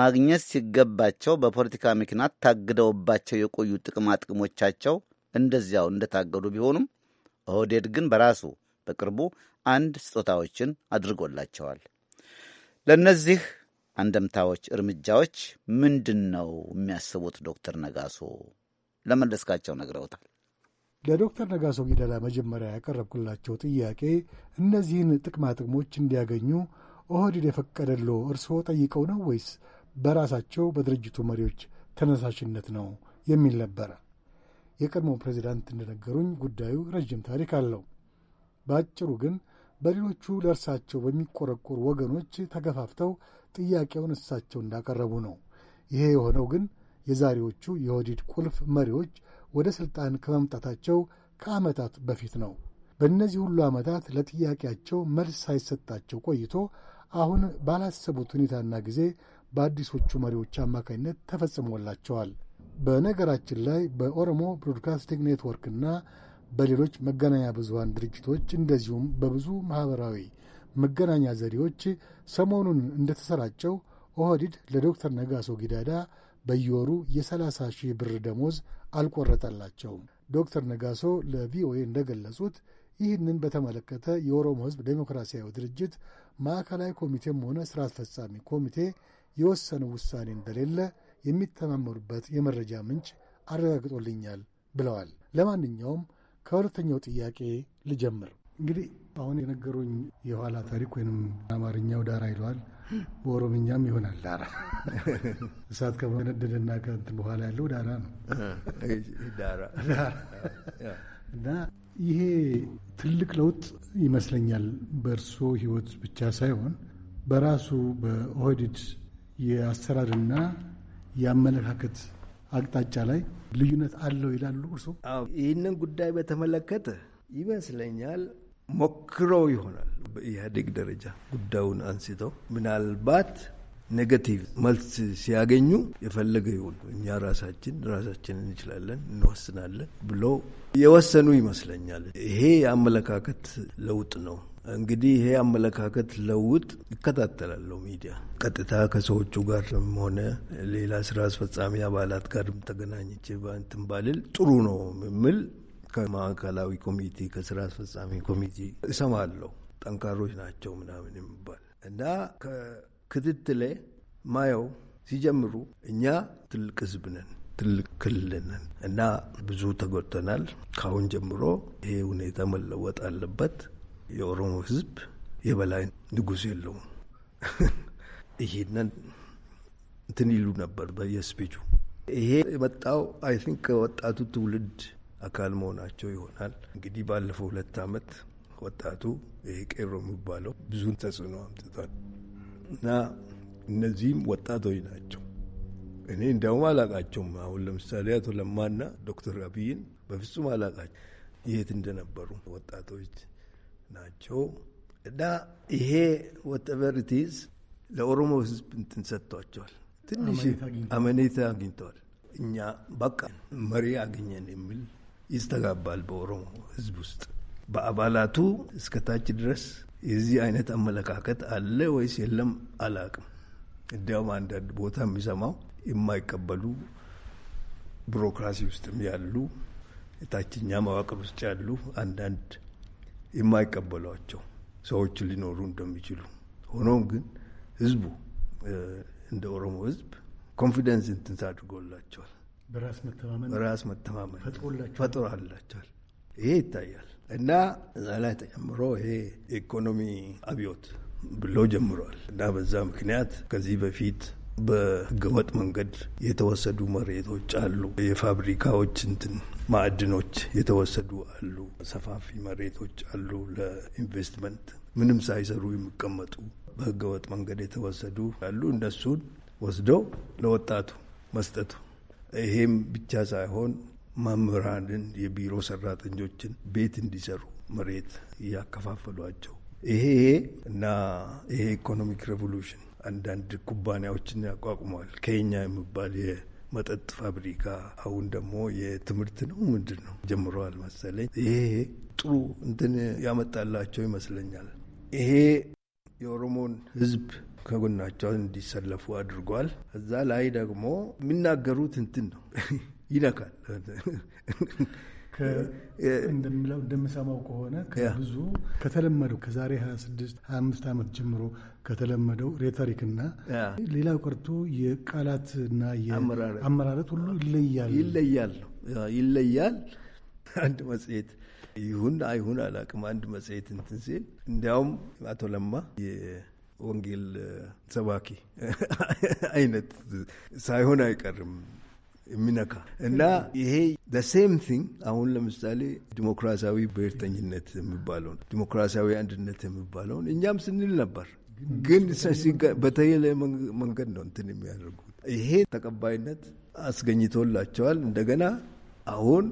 ማግኘት ሲገባቸው በፖለቲካ ምክንያት ታግደውባቸው የቆዩ ጥቅሞቻቸው እንደዚያው እንደታገዱ ቢሆኑም ኦህዴድ ግን በራሱ በቅርቡ አንድ ስጦታዎችን አድርጎላቸዋል። ለእነዚህ አንደምታዎች፣ እርምጃዎች ምንድን ነው የሚያስቡት? ዶክተር ነጋሶ ለመለስካቸው ነግረውታል። ለዶክተር ነጋሶ ጊደላ መጀመሪያ ያቀረብኩላቸው ጥያቄ እነዚህን ጥቅማ ጥቅሞች እንዲያገኙ ኦህዴድ የፈቀደሎ እርስዎ ጠይቀው ነው ወይስ በራሳቸው በድርጅቱ መሪዎች ተነሳሽነት ነው የሚል ነበረ። የቀድሞ ፕሬዚዳንት እንደነገሩኝ ጉዳዩ ረጅም ታሪክ አለው። በአጭሩ ግን በሌሎቹ ለእርሳቸው በሚቆረቆሩ ወገኖች ተገፋፍተው ጥያቄውን እሳቸው እንዳቀረቡ ነው። ይሄ የሆነው ግን የዛሬዎቹ የወዲድ ቁልፍ መሪዎች ወደ ሥልጣን ከመምጣታቸው ከዓመታት በፊት ነው። በእነዚህ ሁሉ ዓመታት ለጥያቄያቸው መልስ ሳይሰጣቸው ቆይቶ አሁን ባላሰቡት ሁኔታና ጊዜ በአዲሶቹ መሪዎች አማካኝነት ተፈጽሞላቸዋል። በነገራችን ላይ በኦሮሞ ብሮድካስቲንግ ኔትወርክና በሌሎች መገናኛ ብዙሃን ድርጅቶች እንደዚሁም በብዙ ማኅበራዊ መገናኛ ዘዴዎች ሰሞኑን እንደተሰራጨው ኦህዲድ ለዶክተር ነጋሶ ጊዳዳ በየወሩ የሰላሳ ሺህ ብር ደሞዝ አልቆረጠላቸውም። ዶክተር ነጋሶ ለቪኦኤ እንደገለጹት ይህንን በተመለከተ የኦሮሞ ሕዝብ ዴሞክራሲያዊ ድርጅት ማዕከላዊ ኮሚቴም ሆነ ሥራ አስፈጻሚ ኮሚቴ የወሰነ ውሳኔ እንደሌለ የሚተማመኑበት የመረጃ ምንጭ አረጋግጦልኛል ብለዋል። ለማንኛውም ከሁለተኛው ጥያቄ ልጀምር። እንግዲህ አሁን የነገሩኝ የኋላ ታሪክ ወይም አማርኛው ዳራ ይለዋል፣ በኦሮምኛም ይሆናል ዳራ። እሳት ከመነደደና ከእንትን በኋላ ያለው ዳራ ነው እና ይሄ ትልቅ ለውጥ ይመስለኛል በእርሶ ህይወት ብቻ ሳይሆን በራሱ በኦህዴድ የአሰራርና የአመለካከት አቅጣጫ ላይ ልዩነት አለው ይላሉ እርሶ? ይህንን ጉዳይ በተመለከተ ይመስለኛል ሞክረው ይሆናል በኢህአዴግ ደረጃ ጉዳዩን አንስተው ምናልባት ኔጋቲቭ መልስ ሲያገኙ የፈለገ ይሁን እኛ ራሳችን ራሳችን እንችላለን እንወስናለን ብሎ የወሰኑ ይመስለኛል። ይሄ የአመለካከት ለውጥ ነው። እንግዲህ ይሄ አመለካከት ለውጥ ይከታተላለሁ። ሚዲያ ቀጥታ ከሰዎቹ ጋር ሆነ ሌላ ስራ አስፈጻሚ አባላት ጋር ተገናኝቼ እንትን ባልል ጥሩ ነው የምል ከማዕከላዊ ኮሚቴ ከስራ አስፈጻሚ ኮሚቴ እሰማለሁ። ጠንካሮች ናቸው ምናምን የሚባል እና ከክትትሌ ማየው ሲጀምሩ እኛ ትልቅ ህዝብ ነን ትልቅ ክልል ነን እና ብዙ ተጎድተናል። ከአሁን ጀምሮ ይሄ ሁኔታ መለወጥ አለበት። የኦሮሞ ህዝብ የበላይ ንጉስ የለውም። ይሄንን እንትን ይሉ ነበር በየስፔቹ። ይሄ የመጣው አይ ቲንክ ከወጣቱ ትውልድ አካል መሆናቸው ይሆናል። እንግዲህ ባለፈው ሁለት አመት ወጣቱ ይሄ ቄሮ የሚባለው ብዙን ተጽዕኖ አምጥቷል እና እነዚህም ወጣቶች ናቸው። እኔ እንዲያውም አላቃቸውም። አሁን ለምሳሌ አቶ ለማና ዶክተር አብይን በፍጹም አላቃቸው የት እንደነበሩ ወጣቶች ናቸው እና ይሄ ወተቨርቲዝ ለኦሮሞ ህዝብ እንትን ሰጥቷቸዋል። ትንሽ አመኔታ አግኝተዋል። እኛ በቃ መሪ አገኘን የሚል ይስተጋባል በኦሮሞ ህዝብ ውስጥ በአባላቱ እስከ ታች ድረስ የዚህ አይነት አመለካከት አለ ወይስ የለም አላቅም። እንዲያውም አንዳንድ ቦታ የሚሰማው የማይቀበሉ ቢሮክራሲ ውስጥም ያሉ የታችኛ መዋቅር ውስጥ ያሉ አንዳንድ የማይቀበሏቸው ሰዎች ሊኖሩ እንደሚችሉ ሆኖም ግን ህዝቡ እንደ ኦሮሞ ህዝብ ኮንፊደንስ እንትን አድርጎላቸዋል። በራስ መተማመን በራስ መተማመን ፈጥሮላቸዋል። ይሄ ይታያል እና እዛ ላይ ተጨምሮ ይሄ ኢኮኖሚ አብዮት ብሎ ጀምሯል እና በዛ ምክንያት ከዚህ በፊት በህገወጥ መንገድ የተወሰዱ መሬቶች አሉ። የፋብሪካዎች እንትን ማዕድኖች የተወሰዱ አሉ። ሰፋፊ መሬቶች አሉ ለኢንቨስትመንት ምንም ሳይሰሩ የሚቀመጡ በህገወጥ መንገድ የተወሰዱ አሉ። እነሱን ወስደው ለወጣቱ መስጠቱ ይሄም ብቻ ሳይሆን መምህራንን፣ የቢሮ ሰራተኞችን ቤት እንዲሰሩ መሬት እያከፋፈሏቸው ይሄ እና ይሄ ኢኮኖሚክ ሬቮሉሽን አንዳንድ ኩባንያዎችን ያቋቁመዋል። ከኛ የሚባል መጠጥ ፋብሪካ አሁን ደግሞ የትምህርት ነው ምንድን ነው ጀምረዋል መሰለኝ። ይሄ ጥሩ እንትን ያመጣላቸው ይመስለኛል። ይሄ የኦሮሞን ህዝብ ከጎናቸው እንዲሰለፉ አድርጓል። እዛ ላይ ደግሞ የሚናገሩት እንትን ነው ይነካል እንደምለው እንደምሰማው ከሆነ ከብዙ ከተለመደው ከዛሬ 26 25 ዓመት ጀምሮ ከተለመደው ሬቶሪክና ሌላው ቀርቶ የቃላትና የአመራረት ሁሉ ይለያል ይለያል ይለያል። አንድ መጽሔት ይሁን አይሁን አላቅም። አንድ መጽሔት እንትን ሲል እንዲያውም አቶ ለማ የወንጌል ሰባኪ አይነት ሳይሆን አይቀርም የሚነካ እና ይሄ ሴም ቲንግ አሁን ለምሳሌ ዲሞክራሲያዊ ብሔርተኝነት የሚባለውን ዲሞክራሲያዊ አንድነት የሚባለውን እኛም ስንል ነበር፣ ግን በተየለ መንገድ ነው እንትን የሚያደርጉት። ይሄ ተቀባይነት አስገኝቶላቸዋል። እንደገና አሁን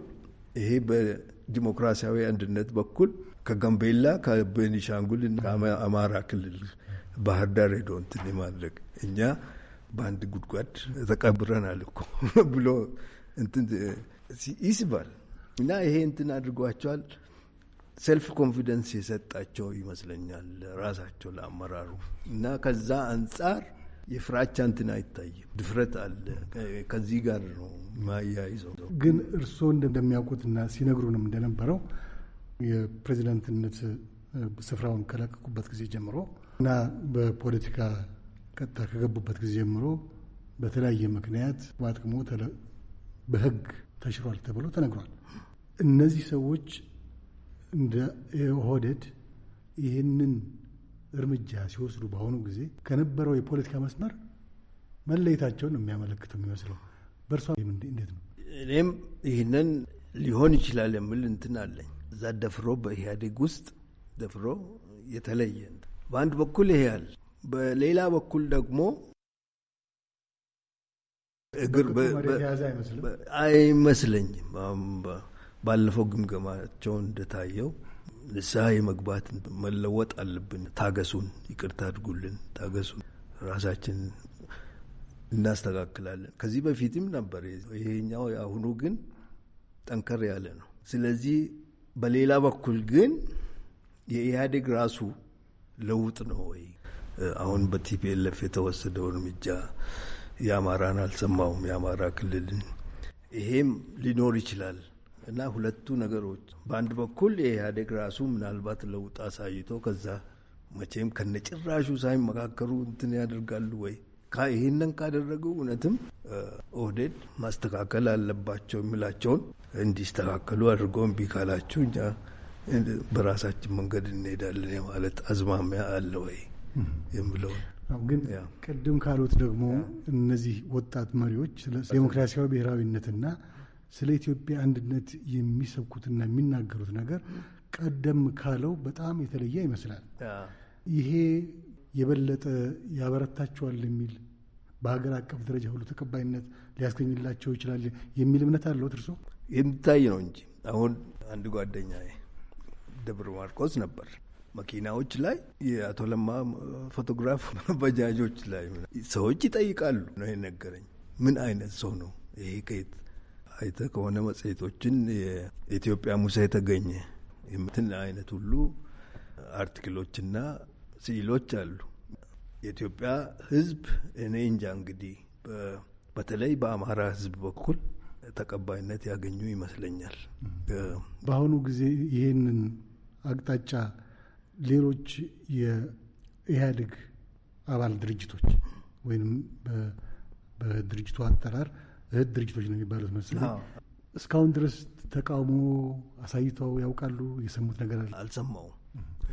ይሄ በዲሞክራሲያዊ አንድነት በኩል ከጋምቤላ ከቤኒሻንጉል፣ ከአማራ ክልል ባህር ዳር ሄዶ እንትን ማድረግ እኛ በአንድ ጉድጓድ ተቀብረናል እኮ ብሎ ይስባል እና ይሄ እንትን አድርጓቸዋል። ሴልፍ ኮንፊደንስ የሰጣቸው ይመስለኛል ራሳቸው ለአመራሩ እና ከዛ አንጻር የፍራቻ እንትን አይታይም። ድፍረት አለ። ከዚህ ጋር ነው ማያይዘው። ግን እርስዎ እንደሚያውቁትና ሲነግሩንም እንደነበረው የፕሬዚዳንትነት ስፍራውን ከለቀቁበት ጊዜ ጀምሮ እና በፖለቲካ ቀጥታ ከገቡበት ጊዜ ጀምሮ በተለያየ ምክንያት በአጥቅሞ በህግ ተሽሯል ተብሎ ተነግሯል። እነዚህ ሰዎች እንደ ኦህዴድ ይህንን እርምጃ ሲወስዱ በአሁኑ ጊዜ ከነበረው የፖለቲካ መስመር መለየታቸውን የሚያመለክተው የሚመስለው በእርሷ እንዴት ነው? እኔም ይህንን ሊሆን ይችላል የሚል እንትን አለኝ። እዛ ደፍሮ በኢህአዴግ ውስጥ ደፍሮ የተለየ በአንድ በኩል ይሄ ያል በሌላ በኩል ደግሞ እግር አይመስለኝም። ባለፈው ግምገማቸው እንደታየው ንስሐ የመግባት መለወጥ አለብን። ታገሱን፣ ይቅርታ አድርጉልን፣ ታገሱን፣ ራሳችን እናስተካክላለን። ከዚህ በፊትም ነበር። ይሄኛው የአሁኑ ግን ጠንከር ያለ ነው። ስለዚህ በሌላ በኩል ግን የኢህአዴግ ራሱ ለውጥ ነው ወይ አሁን በቲፒኤልኤፍ የተወሰደው እርምጃ የአማራን አልሰማውም፣ የአማራ ክልልን ይሄም ሊኖር ይችላል እና ሁለቱ ነገሮች በአንድ በኩል የኢህአዴግ ራሱ ምናልባት ለውጥ አሳይቶ ከዛ መቼም ከነጭራሹ ሳይመካከሩ እንትን ያደርጋሉ ወይ ይህንን ካደረጉ እውነትም ኦህዴድ ማስተካከል አለባቸው የሚላቸውን እንዲስተካከሉ አድርጎ እምቢ ካላችሁ እኛ በራሳችን መንገድ እንሄዳለን የማለት አዝማሚያ አለ ወይ? የምለውን ግን ቅድም ካሉት ደግሞ እነዚህ ወጣት መሪዎች ስለ ዴሞክራሲያዊ ብሔራዊነትና ስለ ኢትዮጵያ አንድነት የሚሰብኩትና የሚናገሩት ነገር ቀደም ካለው በጣም የተለየ ይመስላል። ይሄ የበለጠ ያበረታቸዋል የሚል በሀገር አቀፍ ደረጃ ሁሉ ተቀባይነት ሊያስገኝላቸው ይችላል የሚል እምነት አለው እርሶ? የሚታይ ነው እንጂ አሁን አንድ ጓደኛ ደብረ ማርቆስ ነበር መኪናዎች ላይ የአቶ ለማ ፎቶግራፍ በጃጆች ላይ ሰዎች ይጠይቃሉ ነው የነገረኝ። ምን አይነት ሰው ነው ይሄ? ከየት አይተ ከሆነ መጽሔቶችን የኢትዮጵያ ሙሳ የተገኘ የምትን አይነት ሁሉ አርቲክሎችና ስዕሎች አሉ። የኢትዮጵያ ሕዝብ እኔ እንጃ እንግዲህ በተለይ በአማራ ሕዝብ በኩል ተቀባይነት ያገኙ ይመስለኛል። በአሁኑ ጊዜ ይህንን አቅጣጫ ሌሎች የኢህአዴግ አባል ድርጅቶች ወይም በድርጅቱ አጠራር እህት ድርጅቶች ነው የሚባሉት መሰለኝ እስካሁን ድረስ ተቃውሞ አሳይተው ያውቃሉ? የሰሙት ነገር አለ? አልሰማውም።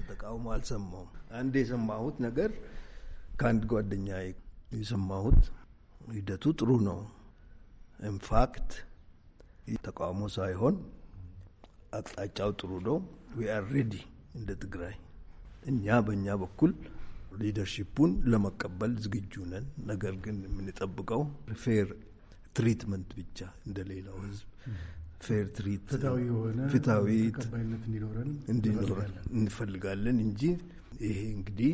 ተቃውሞ አልሰማውም። አንድ የሰማሁት ነገር ከአንድ ጓደኛ የሰማሁት ሂደቱ ጥሩ ነው። ኢንፋክት ተቃውሞ ሳይሆን አቅጣጫው ጥሩ ነው። ዊ አር ሬዲ እንደ ትግራይ እኛ በእኛ በኩል ሊደርሺፑን ለመቀበል ዝግጁ ነን። ነገር ግን የምንጠብቀው ፌር ትሪትመንት ብቻ እንደሌላው ህዝብ ፌር ትሪት እንዲኖረን እንፈልጋለን እንጂ ይሄ እንግዲህ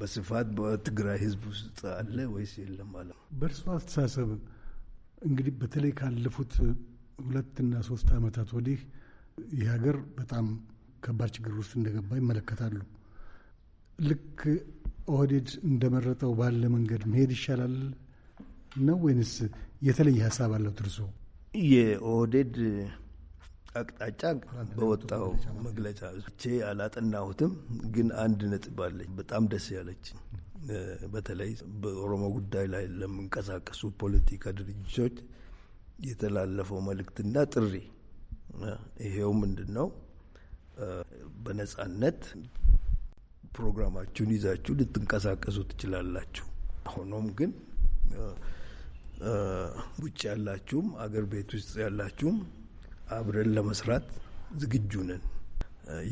በስፋት በትግራይ ህዝብ ውስጥ አለ ወይስ የለም ማለት ነው። በእርሶ አስተሳሰብ እንግዲህ በተለይ ካለፉት ሁለትና ሶስት ዓመታት ወዲህ ይህ ሀገር በጣም ከባድ ችግር ውስጥ እንደገባ ይመለከታሉ። ልክ ኦህዴድ እንደመረጠው ባለ መንገድ መሄድ ይሻላል ነው ወይንስ የተለየ ሀሳብ አለው እርሶ? የኦህዴድ አቅጣጫ በወጣው መግለጫ ቼ አላጠናሁትም፣ ግን አንድ ነጥብ አለች በጣም ደስ ያለች። በተለይ በኦሮሞ ጉዳይ ላይ ለሚንቀሳቀሱ ፖለቲካ ድርጅቶች የተላለፈው መልእክትና ጥሪ ይሄው ምንድን ነው በነጻነት ፕሮግራማችሁን ይዛችሁ ልትንቀሳቀሱ ትችላላችሁ። ሆኖም ግን ውጭ ያላችሁም አገር ቤት ውስጥ ያላችሁም አብረን ለመስራት ዝግጁ ነን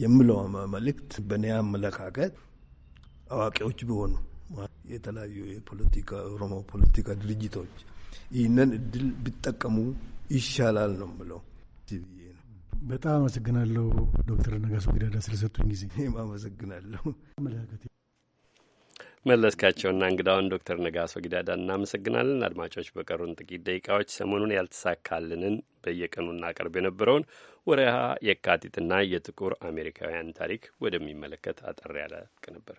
የምለው መልእክት በእኔ አመለካከት አዋቂዎች ቢሆኑ የተለያዩ የፖለቲካ ኦሮሞ ፖለቲካ ድርጅቶች ይህንን እድል ቢጠቀሙ ይሻላል ነው ምለው። በጣም አመሰግናለሁ ዶክተር ነጋሶ ጊዳዳ ስለሰጡኝ ጊዜ። እኔም አመሰግናለሁ። መለስካቸውና እንግዳውን ዶክተር ነጋሶ ጊዳዳ እናመሰግናለን። አድማጮች፣ በቀሩን ጥቂት ደቂቃዎች ሰሞኑን ያልተሳካልንን በየቀኑ እናቀርብ የነበረውን ወርሃ የካቲትና የጥቁር አሜሪካውያን ታሪክ ወደሚመለከት አጠር ያለ ቅንብር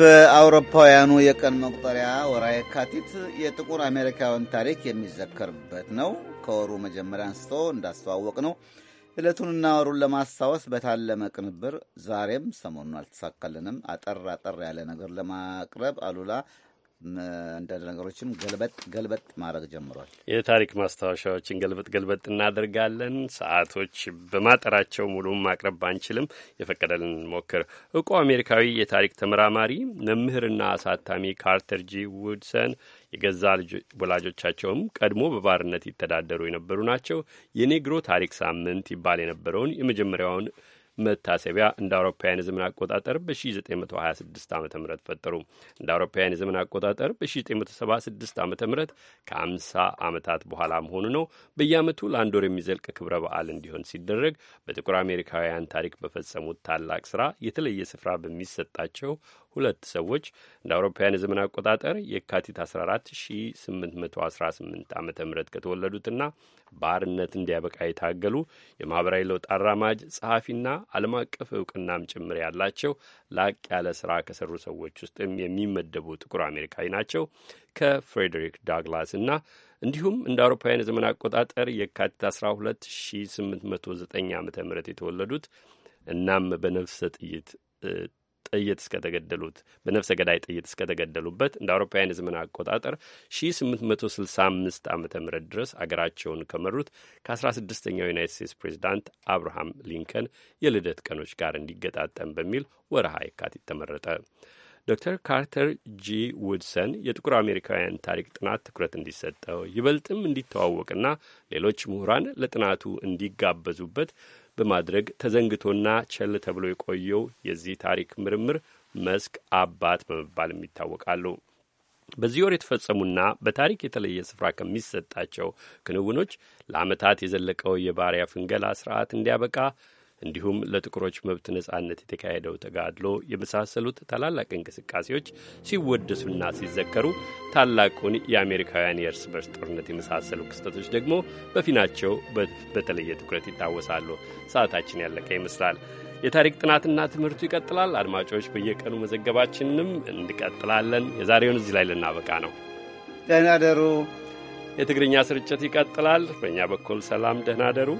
በአውሮፓውያኑ የቀን መቁጠሪያ ወራ የካቲት የጥቁር አሜሪካውያን ታሪክ የሚዘከርበት ነው። ከወሩ መጀመሪያ አንስቶ እንዳስተዋወቅ ነው ዕለቱንና ወሩን ለማስታወስ በታለመ ቅንብር ዛሬም ሰሞኑን አልተሳካልንም። አጠር አጠር ያለ ነገር ለማቅረብ አሉላ አንዳንድ ነገሮችም ገልበጥ ገልበጥ ማድረግ ጀምሯል። የታሪክ ማስታወሻዎችን ገልበጥ ገልበጥ እናደርጋለን። ሰዓቶች በማጠራቸው ሙሉም ማቅረብ ባንችልም የፈቀደልን ሞክር። እቁ አሜሪካዊ የታሪክ ተመራማሪ መምህርና አሳታሚ ካርተር ጂ ውድሰን የገዛ ወላጆቻቸውም ቀድሞ በባርነት ይተዳደሩ የነበሩ ናቸው። የኔግሮ ታሪክ ሳምንት ይባል የነበረውን የመጀመሪያውን መታሰቢያ እንደ አውሮፓውያን የዘመን አቆጣጠር በ1926 ዓ ም ፈጠሩ። እንደ አውሮፓውያን የዘመን አቆጣጠር በ1976 ዓ ም ከ50 ዓመታት በኋላ መሆኑ ነው። በየአመቱ ለአንድ ወር የሚዘልቅ ክብረ በዓል እንዲሆን ሲደረግ በጥቁር አሜሪካውያን ታሪክ በፈጸሙት ታላቅ ስራ የተለየ ስፍራ በሚሰጣቸው ሁለት ሰዎች እንደ አውሮፓውያን የዘመን አቆጣጠር የካቲት 14 1818 ዓ ም ከተወለዱትና ባርነት እንዲያበቃ የታገሉ የማኅበራዊ ለውጥ አራማጅ ጸሐፊና ዓለም አቀፍ እውቅናም ጭምር ያላቸው ላቅ ያለ ሥራ ከሠሩ ሰዎች ውስጥም የሚመደቡ ጥቁር አሜሪካዊ ናቸው ከፍሬዴሪክ ዳግላስ እና እንዲሁም እንደ አውሮፓውያን የዘመን አቆጣጠር የካቲት 12 1809 ዓ ም የተወለዱት እናም በነፍሰ ጥይት ጥይት እስከተገደሉት በነፍሰ ገዳይ ጥይት እስከተገደሉበት እንደ አውሮፓውያን የዘመን አቆጣጠር 1865 ዓ ም ድረስ አገራቸውን ከመሩት ከ16ኛው ዩናይት ስቴትስ ፕሬዚዳንት አብርሃም ሊንከን የልደት ቀኖች ጋር እንዲገጣጠም በሚል ወረሃ የካቲት ተመረጠ። ዶክተር ካርተር ጂ ውድሰን የጥቁር አሜሪካውያን ታሪክ ጥናት ትኩረት እንዲሰጠው ይበልጥም እንዲተዋወቅና ሌሎች ምሁራን ለጥናቱ እንዲጋበዙበት በማድረግ ተዘንግቶና ቸል ተብሎ የቆየው የዚህ ታሪክ ምርምር መስክ አባት በመባል ይታወቃሉ። በዚህ ወር የተፈጸሙና በታሪክ የተለየ ስፍራ ከሚሰጣቸው ክንውኖች ለዓመታት የዘለቀው የባሪያ ፍንገላ ስርዓት እንዲያበቃ እንዲሁም ለጥቁሮች መብት ነጻነት የተካሄደው ተጋድሎ የመሳሰሉት ታላላቅ እንቅስቃሴዎች ሲወደሱና ሲዘከሩ ታላቁን የአሜሪካውያን የእርስ በርስ ጦርነት የመሳሰሉ ክስተቶች ደግሞ በፊናቸው በተለየ ትኩረት ይታወሳሉ። ሰዓታችን ያለቀ ይመስላል። የታሪክ ጥናትና ትምህርቱ ይቀጥላል። አድማጮች፣ በየቀኑ መዘገባችንንም እንቀጥላለን። የዛሬውን እዚህ ላይ ልናበቃ ነው። ደህና ደሩ። የትግርኛ ስርጭት ይቀጥላል። በእኛ በኩል ሰላም፣ ደህና ደሩ።